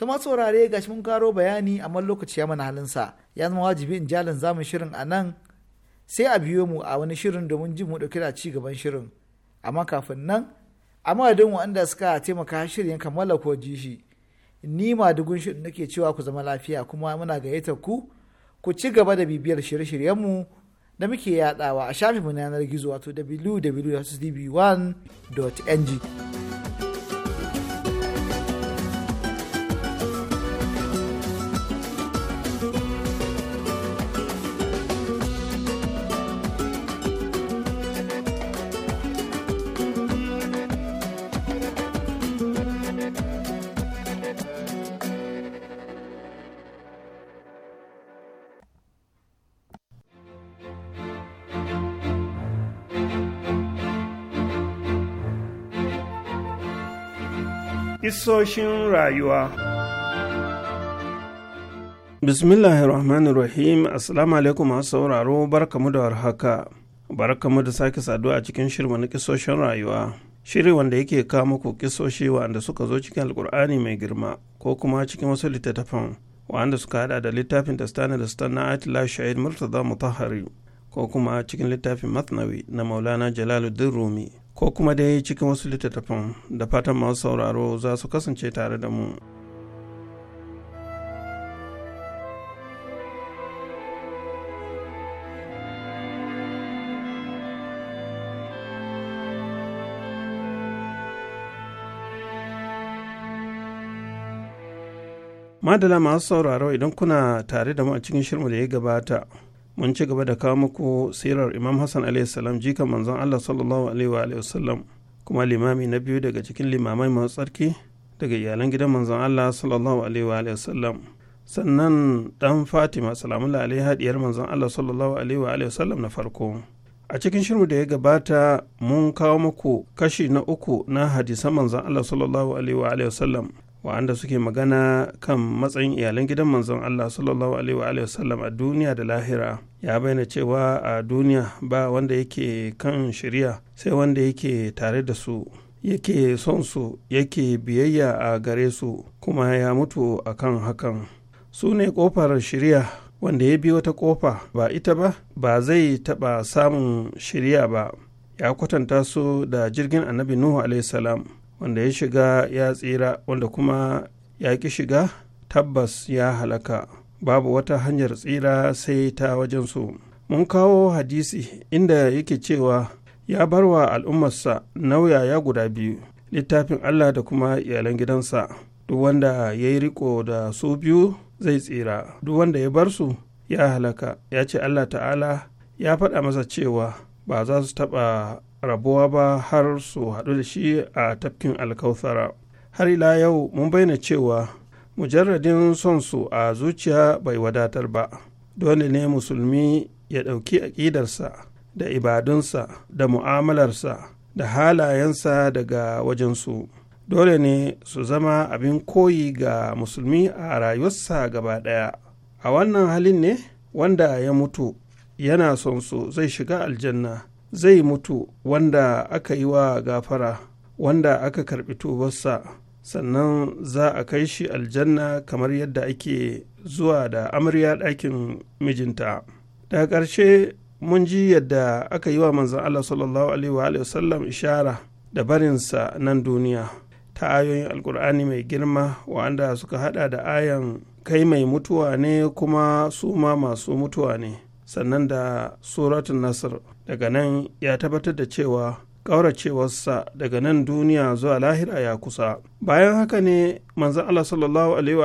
ta ma saurare gashi mun karo bayani amma lokaci ya mana sa ya zama wajibi in jalin zamun shirin a nan sai a biyo mu a wani shirin domin jin mu dauki da ci gaban shirin amma kafin nan a madadin anda suka taimaka shirin kammala ko ji shi ni ma dugun shirin nake cewa ku zama lafiya kuma muna gayyatar ku ku ci gaba da bibiyar shirye shiryen mu da muke yadawa a shafinmu na yanar gizo wato www.cdb1.ng Kisoshin rayuwa. Bismillahirrahmanirrahim Assalamu alaikum masu sauraro barkamu da warhaka. Barkamu da sake saduwa a cikin shirma na kisoshin rayuwa. Shiri wanda yake kawo muku kisoshi wanda suka zo cikin alkur'ani mai girma ko kuma cikin wasu littattafan wanda suka hada da littafin stani da Stan na Atila Shahid Murtaza Mutahari ko kuma cikin littafin Matnawi na Maulana Jalaluddin Rumi. ko kuma dai cikin wasu littattafan da fatan masu sauraro za su kasance tare da mu. Madala masu sauraro idan kuna tare da mu a cikin shirmu da ya gabata. mun ci gaba da kawo muku sirar imam hassan a.s. jikan manzon allah sallallahu alaihi wasallam kuma limami na biyu daga cikin limamai masu tsarki daga iyalan gidan manzon allah sallallahu alaihi wasallam sannan dan fatima salamu alaihi hadiyar manzon allah sallallahu alaihi wasallam na farko a cikin shirin da ya gabata mun kawo muku kashi na uku na hadisan manzon allah sallallahu alaihi wasallam wa'anda suke magana kan matsayin iyalan gidan manzon Allah sallallahu alaihi wa sallam a duniya da lahira ya bayyana cewa a duniya ba wanda yake kan shirya sai wanda yake tare da su yake son su yake biyayya a gare su kuma ya mutu akan hakan su ne kofar shirya wanda ya bi wata kofa ba ita ba ba zai taɓa samun shirya ba ya kwatanta su da jirgin annabi nuhu salam wanda ya shiga ya tsira wanda kuma ya ki shiga tabbas ya halaka babu wata hanyar tsira sai ta wajen su mun kawo hadisi inda yake cewa ya bar wa al'ummarsa nauyaya guda biyu littafin allah da kuma iyalan gidansa duk wanda ya yi riko da su biyu zai tsira duk wanda ya bar su ya halaka ya ce allah ta'ala ya faɗa masa cewa ba za su taɓa rabuwa ba har su haɗu da shi a tafkin alkautsara har ila yau mun bayyana cewa mujarradin son su a zuciya bai wadatar ba dole ne musulmi ya ɗauki aƙidarsa da ibadunsa da mu'amalarsa da halayensa daga wajensu dole ne su zama abin koyi ga musulmi a rayuwarsa gaba ɗaya a wannan halin ne wanda ya mutu yana son su zai shiga aljanna zai mutu wanda aka yi wa gafara wanda aka karɓi tubarsa sannan za a kai shi aljanna kamar yadda ake zuwa da amarya ɗakin mijinta daga ƙarshe mun ji yadda aka yi wa manzan Allah sallallahu alaihi sallam ishara da barinsa nan duniya ta ayoyin alkur'ani mai girma wa'anda suka hada da ayan kai mai mutuwa ne kuma su ma masu mutuwa ne sannan da suratun nasir daga nan ya tabbatar da cewa ƙauracewarsa daga nan duniya zuwa lahira ya kusa bayan haka ne manzan allah sallallahu alaihi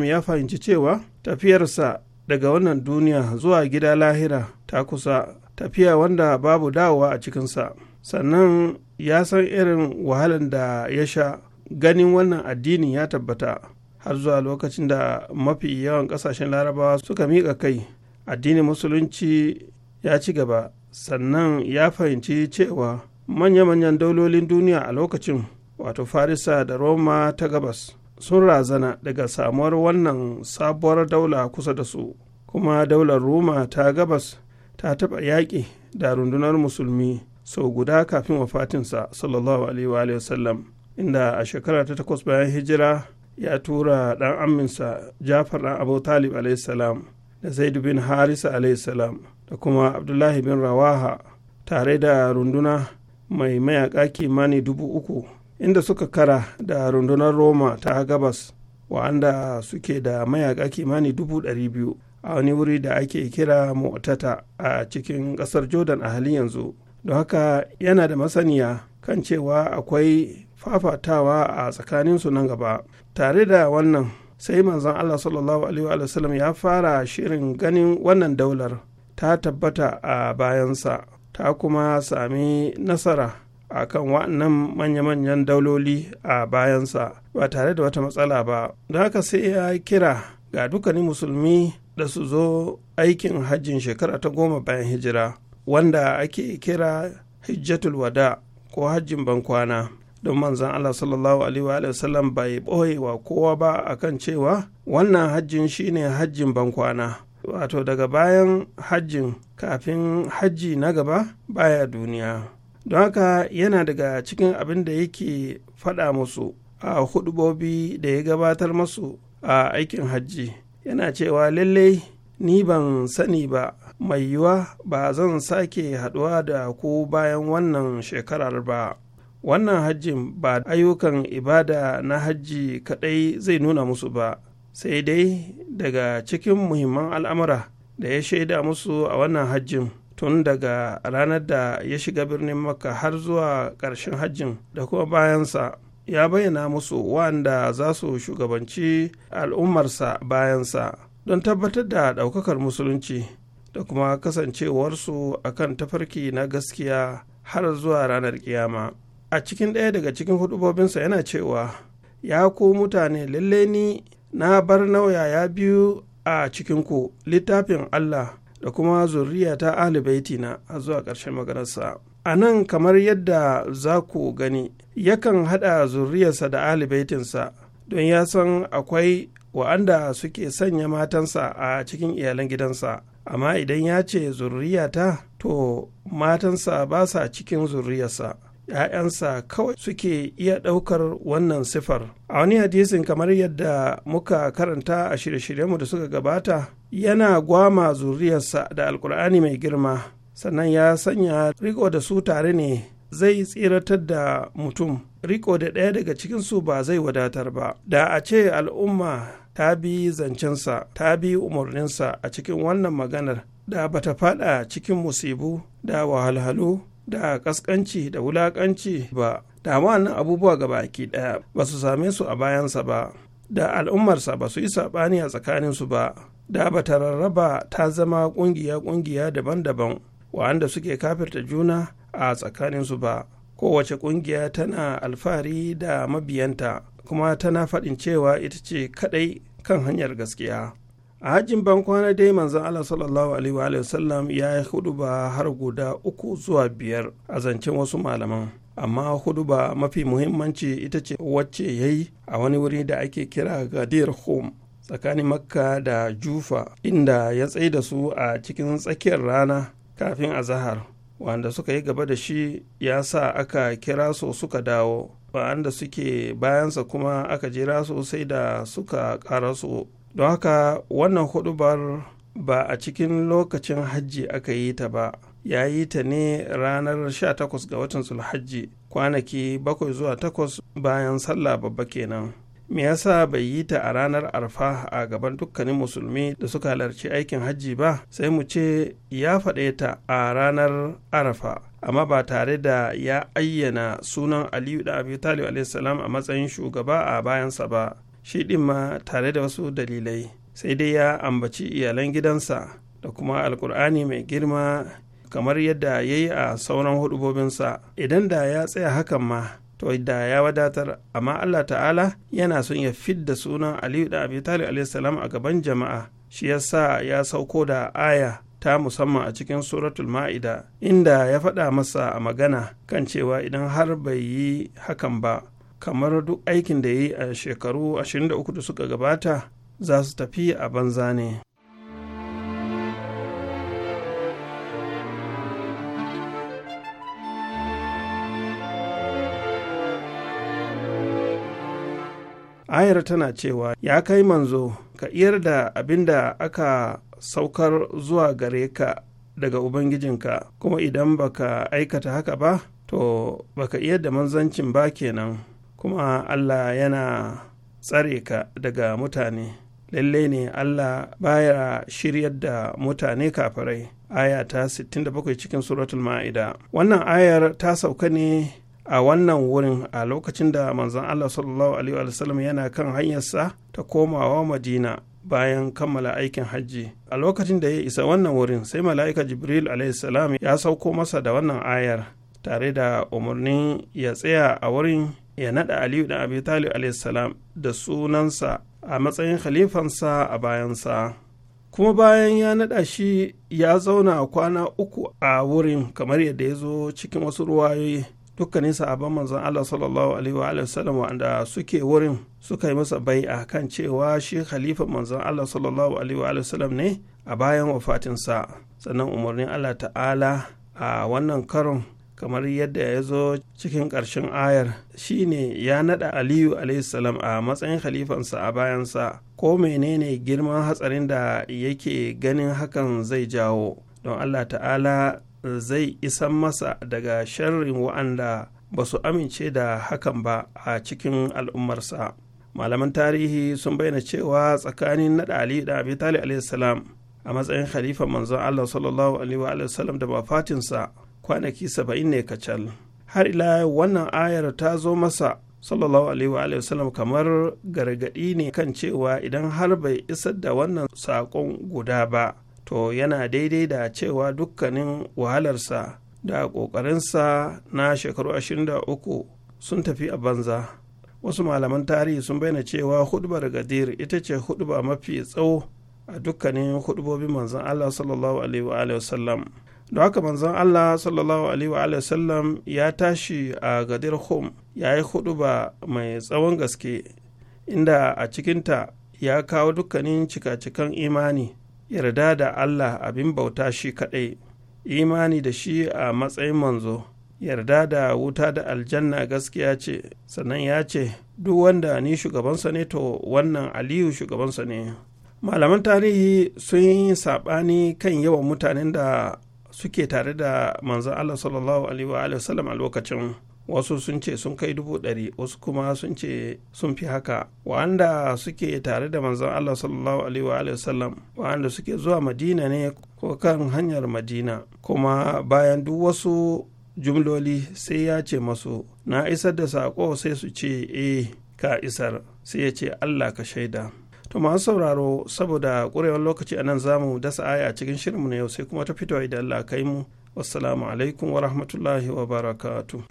wa ya fahimci cewa tafiyarsa daga wannan duniya zuwa gida lahira ta kusa tafiya wanda babu dawowa a cikinsa sannan ya san irin wahalan da ya sha ganin wannan addini ya tabbata har zuwa lokacin da mafi yawan kasashen larabawa suka miƙa kai addinin musulunci ya ci gaba sannan ya fahimci cewa manya-manyan daulolin duniya a lokacin wato farisa da roma ta gabas sun razana daga samuwar wannan sabuwar daula kusa da su kuma daular roma ta gabas ta taɓa yaƙi da rundunar musulmi sau guda kafin wafatinsa sallallahu alaihi wasallam inda a shekara ta takwas bayan hijira ya tura ɗan aminsa jafar ɗan abu talib alaihissalam da zaidu bin harisa alaihissalam da kuma abdullahi bin rawaha tare da runduna mai mayaka kimanin dubu uku inda suka kara da rundunar roma ta gabas wa'anda suke da mayaka kimanin dubu ɗari biyu a wani wuri da ake kira mu'tata a cikin ƙasar jordan a halin yanzu don haka yana da masaniya kan cewa akwai fafatawa a tsakaninsu nan gaba tare da wannan sai manzon allah sallallahu alaihi wa sallam ya fara shirin ganin wannan daular ta tabbata a bayansa ta kuma sami nasara a kan waɗannan manya-manyan dauloli a bayansa ba tare da wata matsala ba da haka sai ya kira ga dukkanin musulmi da su zo aikin hajjin shekara ta goma bayan hijira wanda ake kira hijjatul wada ko hajjin bankwana don manzan Allah sallallahu alaihi wa bai ɓoye wa kowa ba akan cewa wannan hajjin shine hajjin bankwana wato daga bayan hajjin kafin hajji na gaba baya duniya don haka yana daga cikin abin da yake faɗa musu a hudubobi da ya gabatar masu a aikin hajji yana cewa lallai ni ban sani ba mai yiwa ba zan sake haɗuwa da ku bayan wannan shekarar ba wannan hajjin ba ayyukan ibada na hajji kaɗai zai nuna musu ba sai dai daga cikin muhimman al'amura da ya shaida musu a wannan hajjin tun daga ranar da ya shiga birnin makka har zuwa ƙarshen hajjin da kuma bayansa ya bayyana musu wanda za su shugabanci al'ummarsa bayansa don tabbatar da ɗaukakar musulunci da kuma kasancewarsu a kan tafarki na gaskiya har zuwa ranar kiyama a cikin ɗaya daga cikin hudubobinsa yana cewa ya ku mutane lalle ni na bar nauya ya biyu a cikinku littafin Allah da kuma zuriya ta ahli a zuwa ƙarshen maganarsa. A nan kamar yadda za ku gani yakan haɗa zuriyarsa da alibaitinsa, don ya san akwai wa'anda suke sanya matansa a cikin iyalan gidansa. Amma idan ya ce zurriyata to matansa ba sa cikin zurriyarsa. ‘ya'yansa kawai suke iya ɗaukar wannan sifar. A wani hadisin kamar yadda muka karanta a shirye-shiryenmu da suka gabata, yana gwama zuriyarsa da alkur'ani mai girma, sannan ya sanya riko da su tare ne zai tsiratar da mutum. Riko da ɗaya daga cikinsu ba zai wadatar ba. Da a ce al'umma ta bi zancensa, ta bi umarninsa a cikin wannan maganar, da bata faɗa cikin musibu da wahalhalu da kaskanci da wulakanci ba da wannan abubuwa ga baki ɗaya ba su same su a bayansa ba da al'ummarsa ba su yi saɓani a tsakaninsu ba da ba ta rarraba ta zama ƙungiya-ƙungiya daban-daban wa'anda suke kafirta juna a tsakanin su ba kowace ƙungiya tana alfahari da mabiyanta kuma tana faɗin cewa ita ce kaɗai kan hanyar gaskiya a hajjin ban kwana dai manzon Allah sallallahu alaihi wa sallam ya yi huduba har guda uku zuwa biyar a zancen wasu malaman amma huduba mafi muhimmanci ita ce wacce ya yi a wani wuri da ake kira gadir home tsakanin makka da jufa inda ya tsaye da su a cikin tsakiyar rana kafin a zahar, wanda suka yi gaba da shi ya sa aka kira su suka dawo wa'anda suke bayansa kuma aka jira su sai da suka ƙara su don haka wannan hudubar ba a cikin lokacin hajji aka yi ta ba ya yi ta ne ranar 18 ga watan sulhajji kwanaki 7 zuwa 8 bayan sallah babba kenan me yasa bai yi ta a ranar arfa a gaban dukkanin musulmi da suka halarci aikin hajji ba sai mu ce ya faɗe ta a ranar arfa amma ba tare da ya ayyana sunan aliyu da abu talib a matsayin shugaba a bayansa ba shi ɗin ma tare da wasu dalilai sai dai ya ambaci iyalan gidansa da kuma alkur'ani mai girma kamar yadda ya yi a sauran hudubobinsa idan da ya tsaya hakan ma to da ya wadatar amma allah ta'ala yana son ya fidda sunan aliyu da abi talib alaihissalam a gaban jama'a shi ya sa ya sauko da aya ta musamman a cikin suratul ma'ida inda ya faɗa masa a magana kan cewa idan har bai yi hakan ba kamar duk aikin da ya yi a shekaru 23 da suka gabata za su tafi a banza ne. ayar tana cewa ya kai manzo ka iyar da abin da aka saukar zuwa gare ka daga ubangijinka kuma idan baka aikata haka ba to baka iya da manzancin ba kenan. kuma allah yana tsare ka daga mutane lalle ne allah baya shiryar da mutane kafirai aya ta 67 cikin suratul ma'ida wannan ayar ta sauka ne a wannan wurin a lokacin da manzon allah sallallahu alaihi wasallam yana kan hanyarsa ta komawa madina bayan kammala aikin hajji a lokacin da ya isa wannan wurin sai mala'ika jibril salam ya sauko masa da wannan ayar tare da umarnin ya tsaya a wurin ya naɗa aliyu da abi talib alaihissalam da sunansa a matsayin khalifansa a bayansa kuma bayan ya naɗa shi ya zauna kwana uku a wurin kamar yadda ya zo cikin wasu ruwayoyi dukkanin sahabban manzon Allah sallallahu alaihi wa alihi wanda suke wurin suka yi masa bai'a kan cewa shi khalifa manzon Allah sallallahu alaihi wa alihi ne a bayan wafatinsa sannan umarnin Allah ta'ala a wannan karon kamar yadda ya zo cikin ƙarshen ayar shine ya naɗa aliyu salam a matsayin khalifansa a bayansa ko menene girman hatsarin da yake ganin hakan zai jawo don allah ta'ala zai isan masa daga sharrin wa'anda ba su amince da hakan ba a cikin al'ummarsa malaman tarihi sun bayyana cewa tsakanin naɗa aliyu da abitali salam a matsayin khalifa manzon allah sallallahu alaihi wa sallam da mafatinsa kwanaki saba'in ne kacal har ila wannan ayar ta zo masa sallallahu alaihi wa sallam kamar gargaɗi ne kan cewa idan har bai isar da wannan saƙon guda ba to yana daidai da cewa dukkanin wahalarsa da ƙoƙarinsa na shekaru 23 sun tafi a banza wasu malaman tarihi sun bayyana cewa hudubar gadir ita ce hudba mafi tsawo a dukkanin hudubobin manzan allah sallallahu alaihi wa sallam Da haka manzon Allah sallallahu alaihi wa sallam ya tashi a gadir hum ya yi huduba mai tsawon gaske inda a cikinta ya kawo dukkanin cika-cikan imani yarda da Allah abin bauta shi kaɗai imani da shi a matsayin manzo yarda da wuta da aljanna gaskiya ce sannan ya ce duk wanda ni shugabansa ne to wannan aliyu shugabansa ne malaman tarihi sun yi saɓani kan yawan mutanen da suke tare da manzan Allah sallallahu alaihi wa a lokacin wasu sun ce sun kai dubu ɗari wasu kuma sun ce sun fi haka wa'anda suke tare da manzan Allah sallallahu alaihi wa wa'anda suke zuwa madina ne ko kan hanyar madina kuma bayan duk wasu jumloli sai ya ce masu na isar da saƙo sai su ce eh ka isar sai ya ce Allah ka shaida To masu sauraro saboda ƙurewar lokaci a nan za mu dasa aya a cikin shirinmu na yau sai kuma ta fito idan Allah kai mu. Wassalamu alaikum wa rahmatullahi wa barakatuh.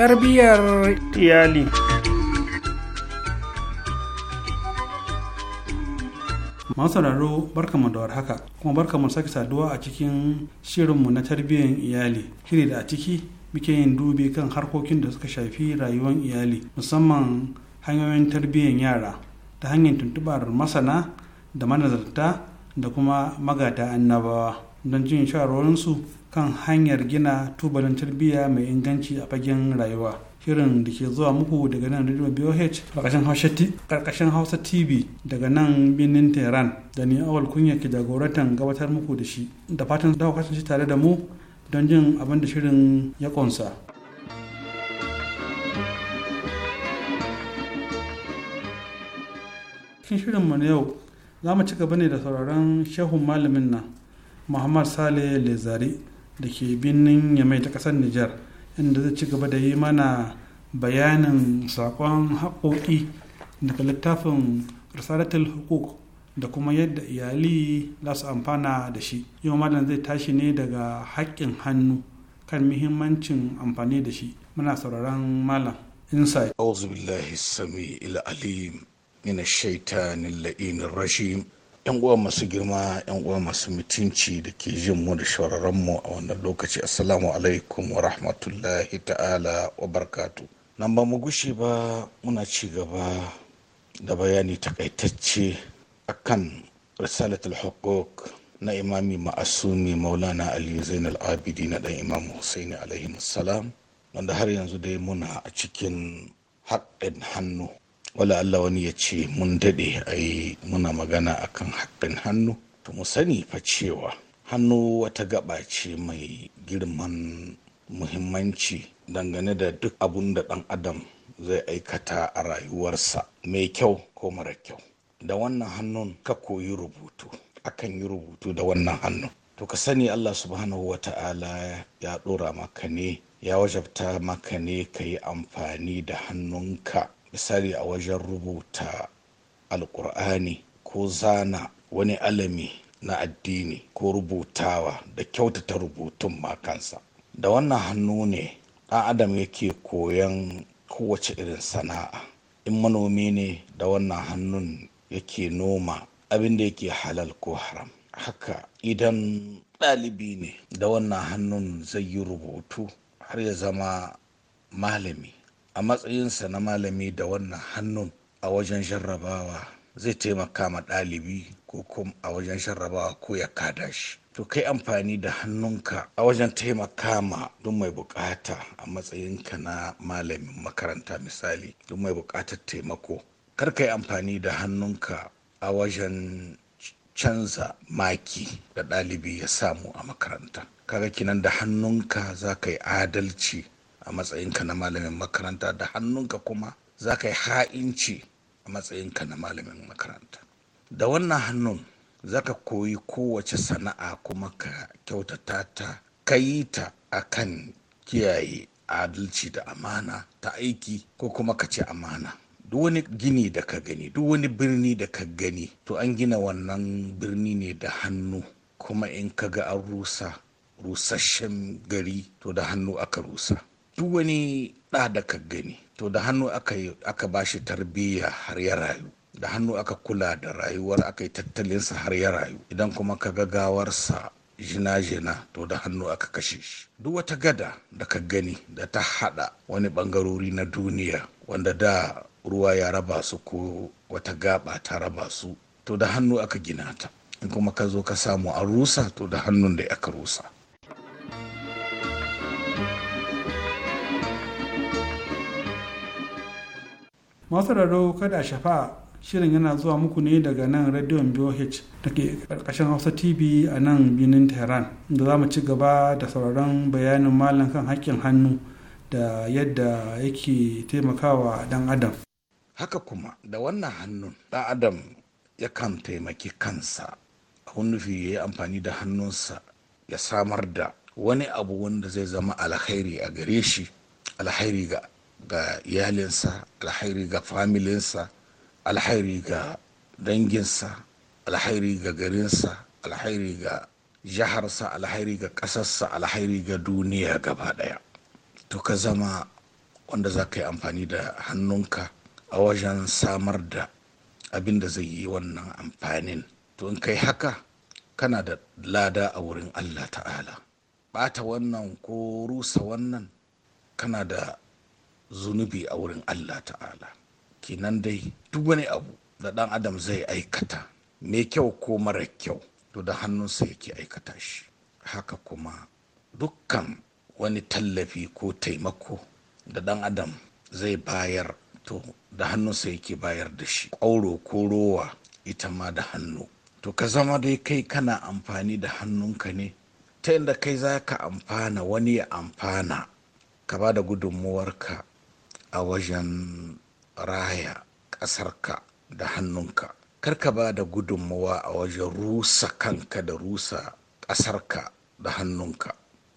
tarbiyyar iyali masu sauraro barkamu da warhaka kuma barkamu sake saduwa a cikin shirinmu na tarbiyyar iyali shiri da a ciki muke yin dubi kan harkokin da suka shafi rayuwar iyali musamman hanyoyin tarbiyyar yara ta hanyar tuntubar masana da manazarta da kuma magata annabawa don jin shawarwarinsu kan hanyar gina tubalin tarbiyya mai inganci a fagen rayuwa shirin da ke zuwa muku daga nan radio boh karkashin hausa tv daga nan birnin tehran da ni awal kunya ke jagorantar gabatar muku da shi da fatan za ku kasance tare da mu don jin abin da shirin ya kunsa. cikin mu na yau za mu ci gaba ne da sauraron shehun malamin nan muhammad saleh lezari da ke birnin yamai ta kasar nijar inda zai ci gaba da yi mana bayanin sakon haƙoƙi daga littafin risalatul hukuk da kuma yadda iyali za su amfana da shi yau malam zai tashi ne daga haƙƙin hannu kan muhimmancin amfani da shi muna sauraron malam insight auzu billahi alim min ash-shaytanir rajim 'yan uwa masu girma 'yan uwa masu mutunci da ke jin mu da shawararren mu a wannan lokaci assalamu alaikum wa rahmatullahi ta'ala wa barkatu nan ba mu gushe ba muna ci gaba da bayani takaitacce akan risalatul hukuk na imami ma'asumi maulana Ali zainal abidi na dan imam husaini alaihi salam wanda har yanzu dai muna a cikin haƙƙin hannu wala Allah wani ya ce mun daɗe ai muna magana akan haƙƙin hannu to mu sani fa cewa hannu wata gaba ce mai girman muhimmanci dangane da duk abun da ɗan adam zai aikata a rayuwarsa mai kyau ko mara kyau da wannan hannun ka koyi rubutu akan yi rubutu da wannan hannu. to ka sani Allah subhanahu wa ta'ala ya ɗora maka ne ya wajabta maka ne ka yi amfani da hannunka misali a wajen rubuta alkur'ani ko zana wani alami na addini ko rubutawa da kyautata rubutun makansa da wannan hannu ne ɗan adam yake koyon kowace irin sana'a in manomi ne da wannan hannun yake noma abin da yake halal ko haram haka idan ɗalibi ne da wannan hannun zai yi rubutu har ya zama malami a matsayinsa na malami da wannan hannun a wajen jarrabawa zai taimaka ma ɗalibi ko kuma a wajen jarrabawa ko ya kada shi to kai amfani da hannunka a wajen taimaka ma duk mai bukata a matsayinka na malamin makaranta misali duk mai bukatar taimako kar ka yi amfani da hannunka a wajen canza maki da ɗalibi ya samu a makaranta kaga kinan da hannunka za ka yi adalci a matsayinka na malamin makaranta da hannunka kuma za ka yi ha'inci a matsayinka na malamin makaranta da wannan hannun za ka koyi kowace sana'a kuma ka kyautata ta ka yi ta kan kiyaye adalci da amana ta aiki ko kuma ka ce amana duk wani gini da ka gani duk wani birni da ka gani to an gina wannan birni ne da hannu kuma in ka ga an rusa rusasshen gari to da hannu aka rusa duk wani ɗa da ka gani to da hannu aka ba shi tarbiyya har ya rayu da hannu aka kula da rayuwar aka yi tattalinsa har ya rayu idan kuma ka ga gawarsa jina-jina to da hannu aka kashe shi duk wata gada da ka gani da ta haɗa wani bangarori na duniya wanda da ruwa ya raba su ko wata gaba ta raba su to da hannu aka gina ta in kuma ka zo ka samu an rusa to da hannun da aka rusa masu raro kada shafa shirin yana zuwa muku ne daga nan radiyon boh da ke karkashin hausa tv a nan birnin tehran da za mu ci gaba da sauraron bayanin malam kan haƙƙin hannu da yadda yake taimakawa dan adam haka kuma da wannan hannun dan adam ya kan taimaki kansa abun nufi ya yi amfani da hannunsa ya samar da wani abu wanda zai zama alkhairi a gare shi alkhairi ga ga iyalinsa alhairi ga familinsa alhairi ga danginsa alhairi ga garinsa alhairi ga jiharsa alhairi ga ƙasarsa alhairi ga duniya gaba ɗaya to ka zama wanda za ka yi amfani da hannunka a wajen samar da abin da zai yi wannan amfanin to in kai haka kana da lada a wurin allah ta'ala ɓata wannan ko rusa wannan kana da zunubi a wurin allah ta'ala kinan dai duk wani abu da ɗan adam zai aikata me kyau ko mara kyau to da hannunsa yake aikata shi haka kuma dukkan wani tallafi ko taimako da ɗan adam zai bayar to da hannunsa yake bayar da shi Ƙauro ko rowa ita ma da hannu to ka zama dai kai kana amfani da hannunka ne ta inda kai za ka amfana wani ya amfana ka ba da gudunmuwarka a wajen raya ƙasarka da hannunka karka ba da gudunmawa a wajen rusa kanka da rusa ƙasarka da hannunka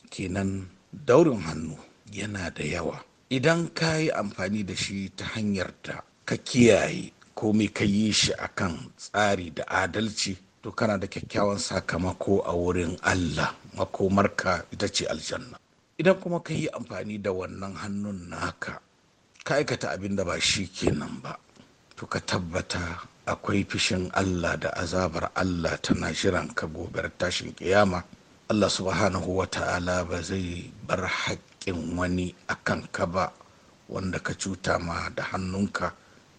kenan daurin hannu yana da yawa idan ka yi amfani da shi ta hanyar da ka kiyaye komai ka yi shi kan tsari da adalci to kana da kyakkyawan sakamako a wurin allah makomarka ita ce aljanna idan kuma ka yi amfani da wannan hannun naka ka aikata abin da ba shi kenan ba to ka tabbata akwai fishin Allah da azabar Allah tana jiran ka gobar tashin kiyama Allah subhanahu wa ta'ala ba zai bar haƙƙin wani akan ka ba wanda ka cuta ma da hannunka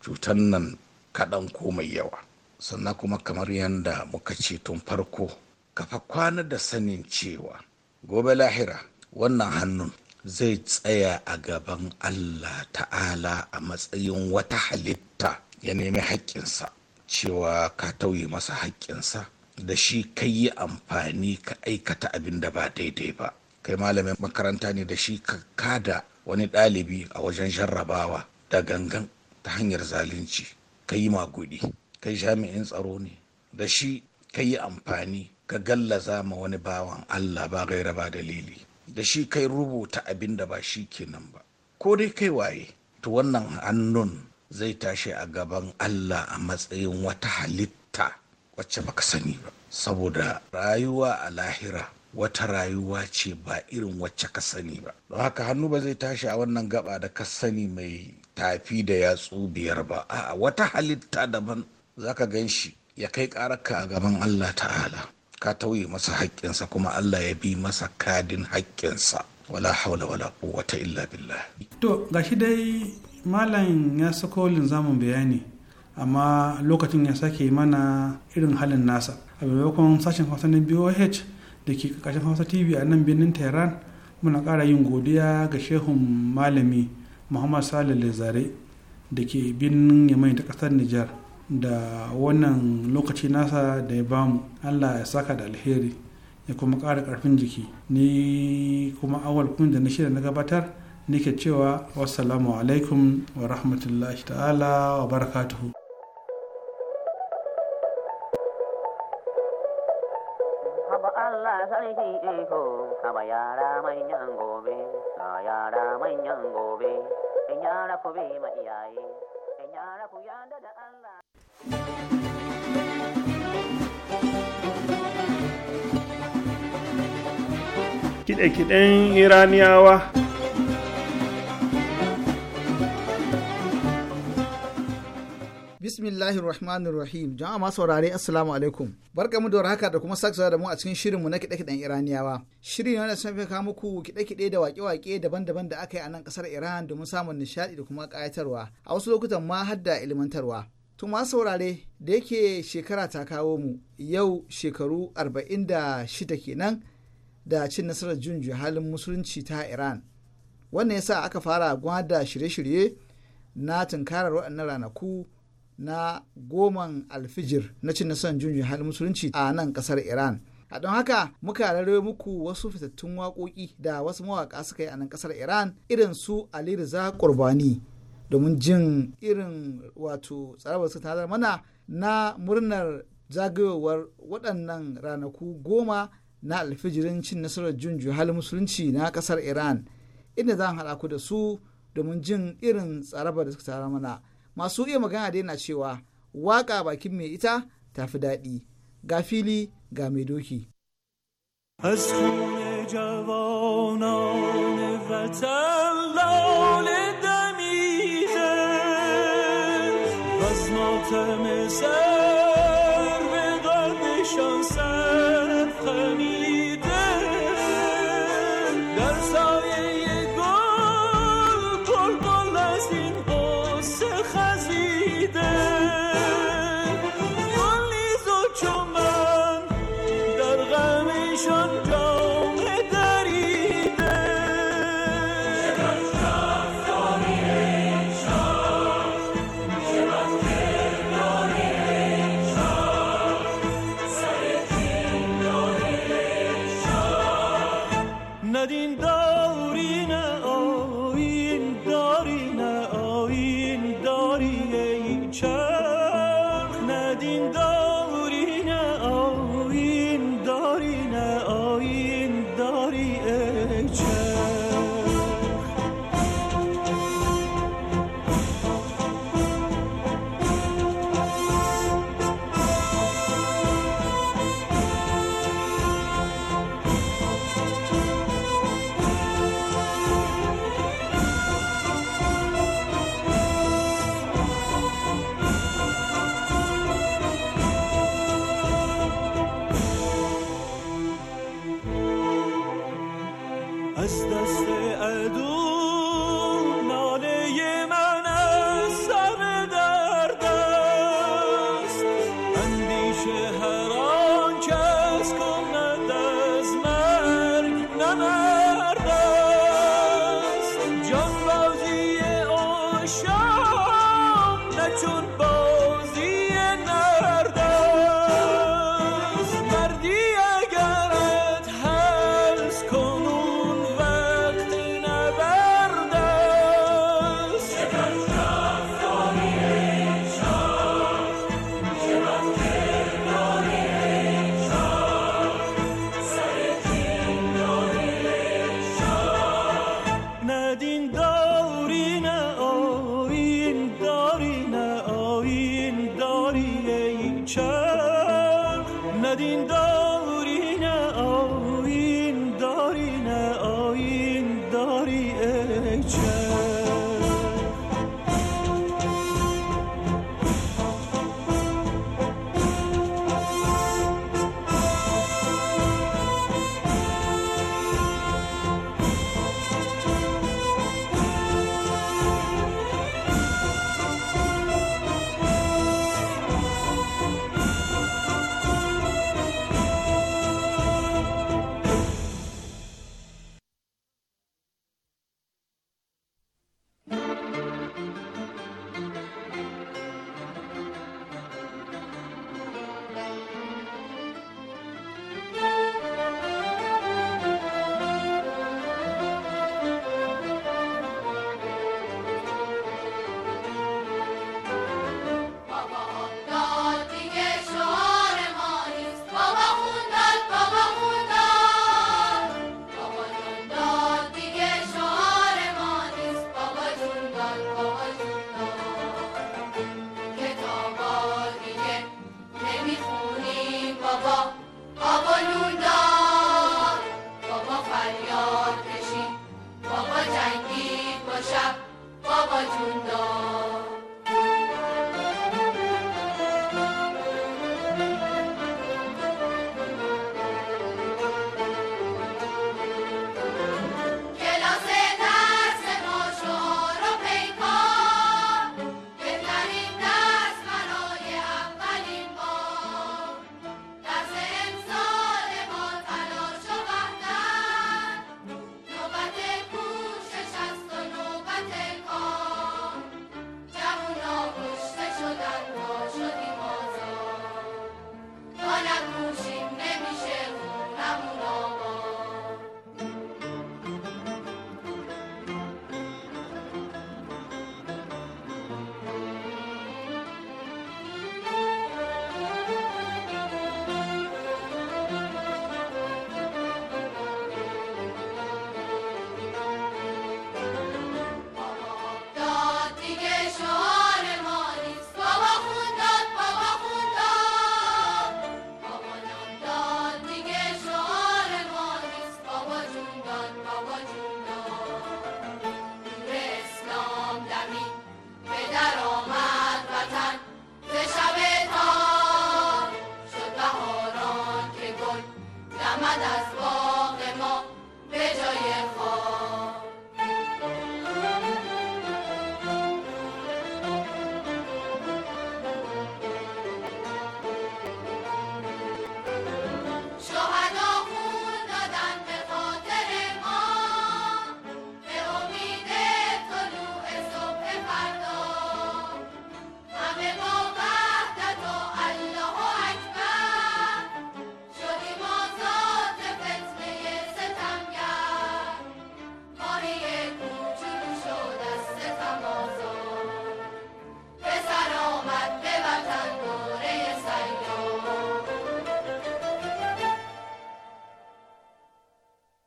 cutan nan kaɗan ko mai yawa sannan kuma kamar yadda muka ce tun farko ka fa kwana da sanin cewa gobe lahira wannan hannun zai tsaya a gaban allah ta'ala a matsayin wata halitta ya nemi haƙƙinsa cewa ka tauye masa haƙƙinsa da shi kai yi amfani ka aikata abin da ba daidai ba kai malamin makaranta ne da shi ka kada wani ɗalibi a wajen jarrabawa da gangan ta hanyar zalunci ka yi magudi kai jami'in tsaro ne da shi ka yi amfani ka gallaza ma wani bawan allah ba gaira ba dalili da shi kai rubuta abin da ba shi kenan ba ko dai kai waye to wannan hannun zai tashi a gaban allah a matsayin wata halitta wacce baka sani ba saboda rayuwa a lahira wata rayuwa ce ba irin wacce ka sani ba don haka hannu ba zai tashi a wannan gaba da ka sani mai tafi da yatsu biyar ba a wata halitta daban zaka gan shi ya kai ƙararka a gaban allah ta'ala ka tauye masa haƙƙinsa kuma Allah ya bi masa kadin haƙƙinsa wala haula wala quwwata illa billah to gashi dai malam ya sako linzamin bayani amma lokacin ya sake mana irin halin nasa a maimakon sashen hausa na boh da ke ƙarƙashin hausa tv a nan birnin tehran muna ƙara yin godiya ga shehun malami muhammad salih zare da ke birnin yamai ta ƙasar nijar da wannan lokaci nasa da ya bamu allah ya saka da alheri ya kuma ƙara ƙarfin jiki ni kuma awal kun da na shirya na gabatar nake cewa wassalamu alaikum wa rahmatullahi ta'ala wa barakatuhu kiɗe-kiɗen iraniyawa bismillahir rahmanir rahim jama'a masu saurare assalamu alaikum barka mu da warhaka da kuma saksa da mu a cikin shirinmu na kiɗe-kiɗen iraniyawa shirin yana son fika muku kiɗe-kiɗe da waƙe-waƙe daban-daban da aka yi a nan ƙasar iran domin samun nishaɗi da kuma ƙayatarwa a wasu lokutan ma har da ilmantarwa To ma saurare da yake shekara ta kawo mu yau shekaru 46 kenan da cin nasarar jin halin musulunci ta Iran. Wannan yasa aka fara gwada shirye-shirye na tunkarar waɗannan ranaku na goman alfijir na cin nasarar jin halin musulunci a nan ƙasar Iran. A don haka muka rarrabe muku wasu fitattun waƙoƙi da wasu mawaƙa suka yi a nan ƙasar Iran irin su Ali Riza Qurbani. domin jin irin wato tsarabar suka tanadar mana na murnar zagayowar waɗannan ranaku goma na alfijirin cin nasarar jin juhal musulunci na ƙasar iran inda za haɗa ku da su domin jin irin tsarabar da suka tara mana masu iya magana da yana cewa waƙa bakin mai ita tafi daɗi ga fili ga mai doki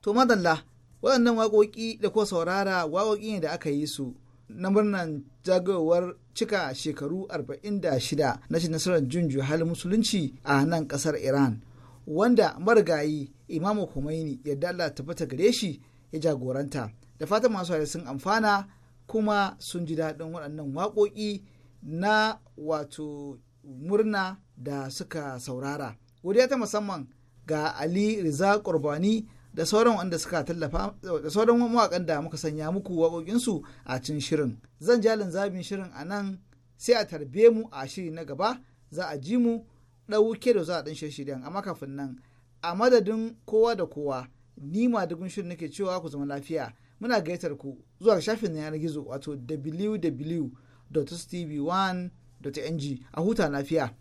to madalla waɗannan waƙoƙi da ko saurara waƙoƙi ne da aka yi su na murnan jagowar cika shekaru 46 na shi nasarar junju halin musulunci a nan ƙasar iran wanda marigayi imamu Khomeini yadda Allah tabbata gare shi ya jagoranta da fatan masu hari sun amfana kuma sun ji daɗin waɗannan waƙoƙi na wato murna da suka saurara godiya ta musamman ga Ali Riza Qurbani da sauran wanda suka tallafa da sauran mawakan da muka sanya muku waƙoƙinsu a cin shirin zan ja zabin shirin a nan sai a tarbe mu a shiri na gaba za a ji mu ɗauke da za a ɗan shirye-shiryen amma kafin nan a madadin kowa da kowa ni ma dugun shirin nake cewa ku zama lafiya muna gaitar ku zuwa shafin na yanar gizo wato www.tv1.ng a huta lafiya.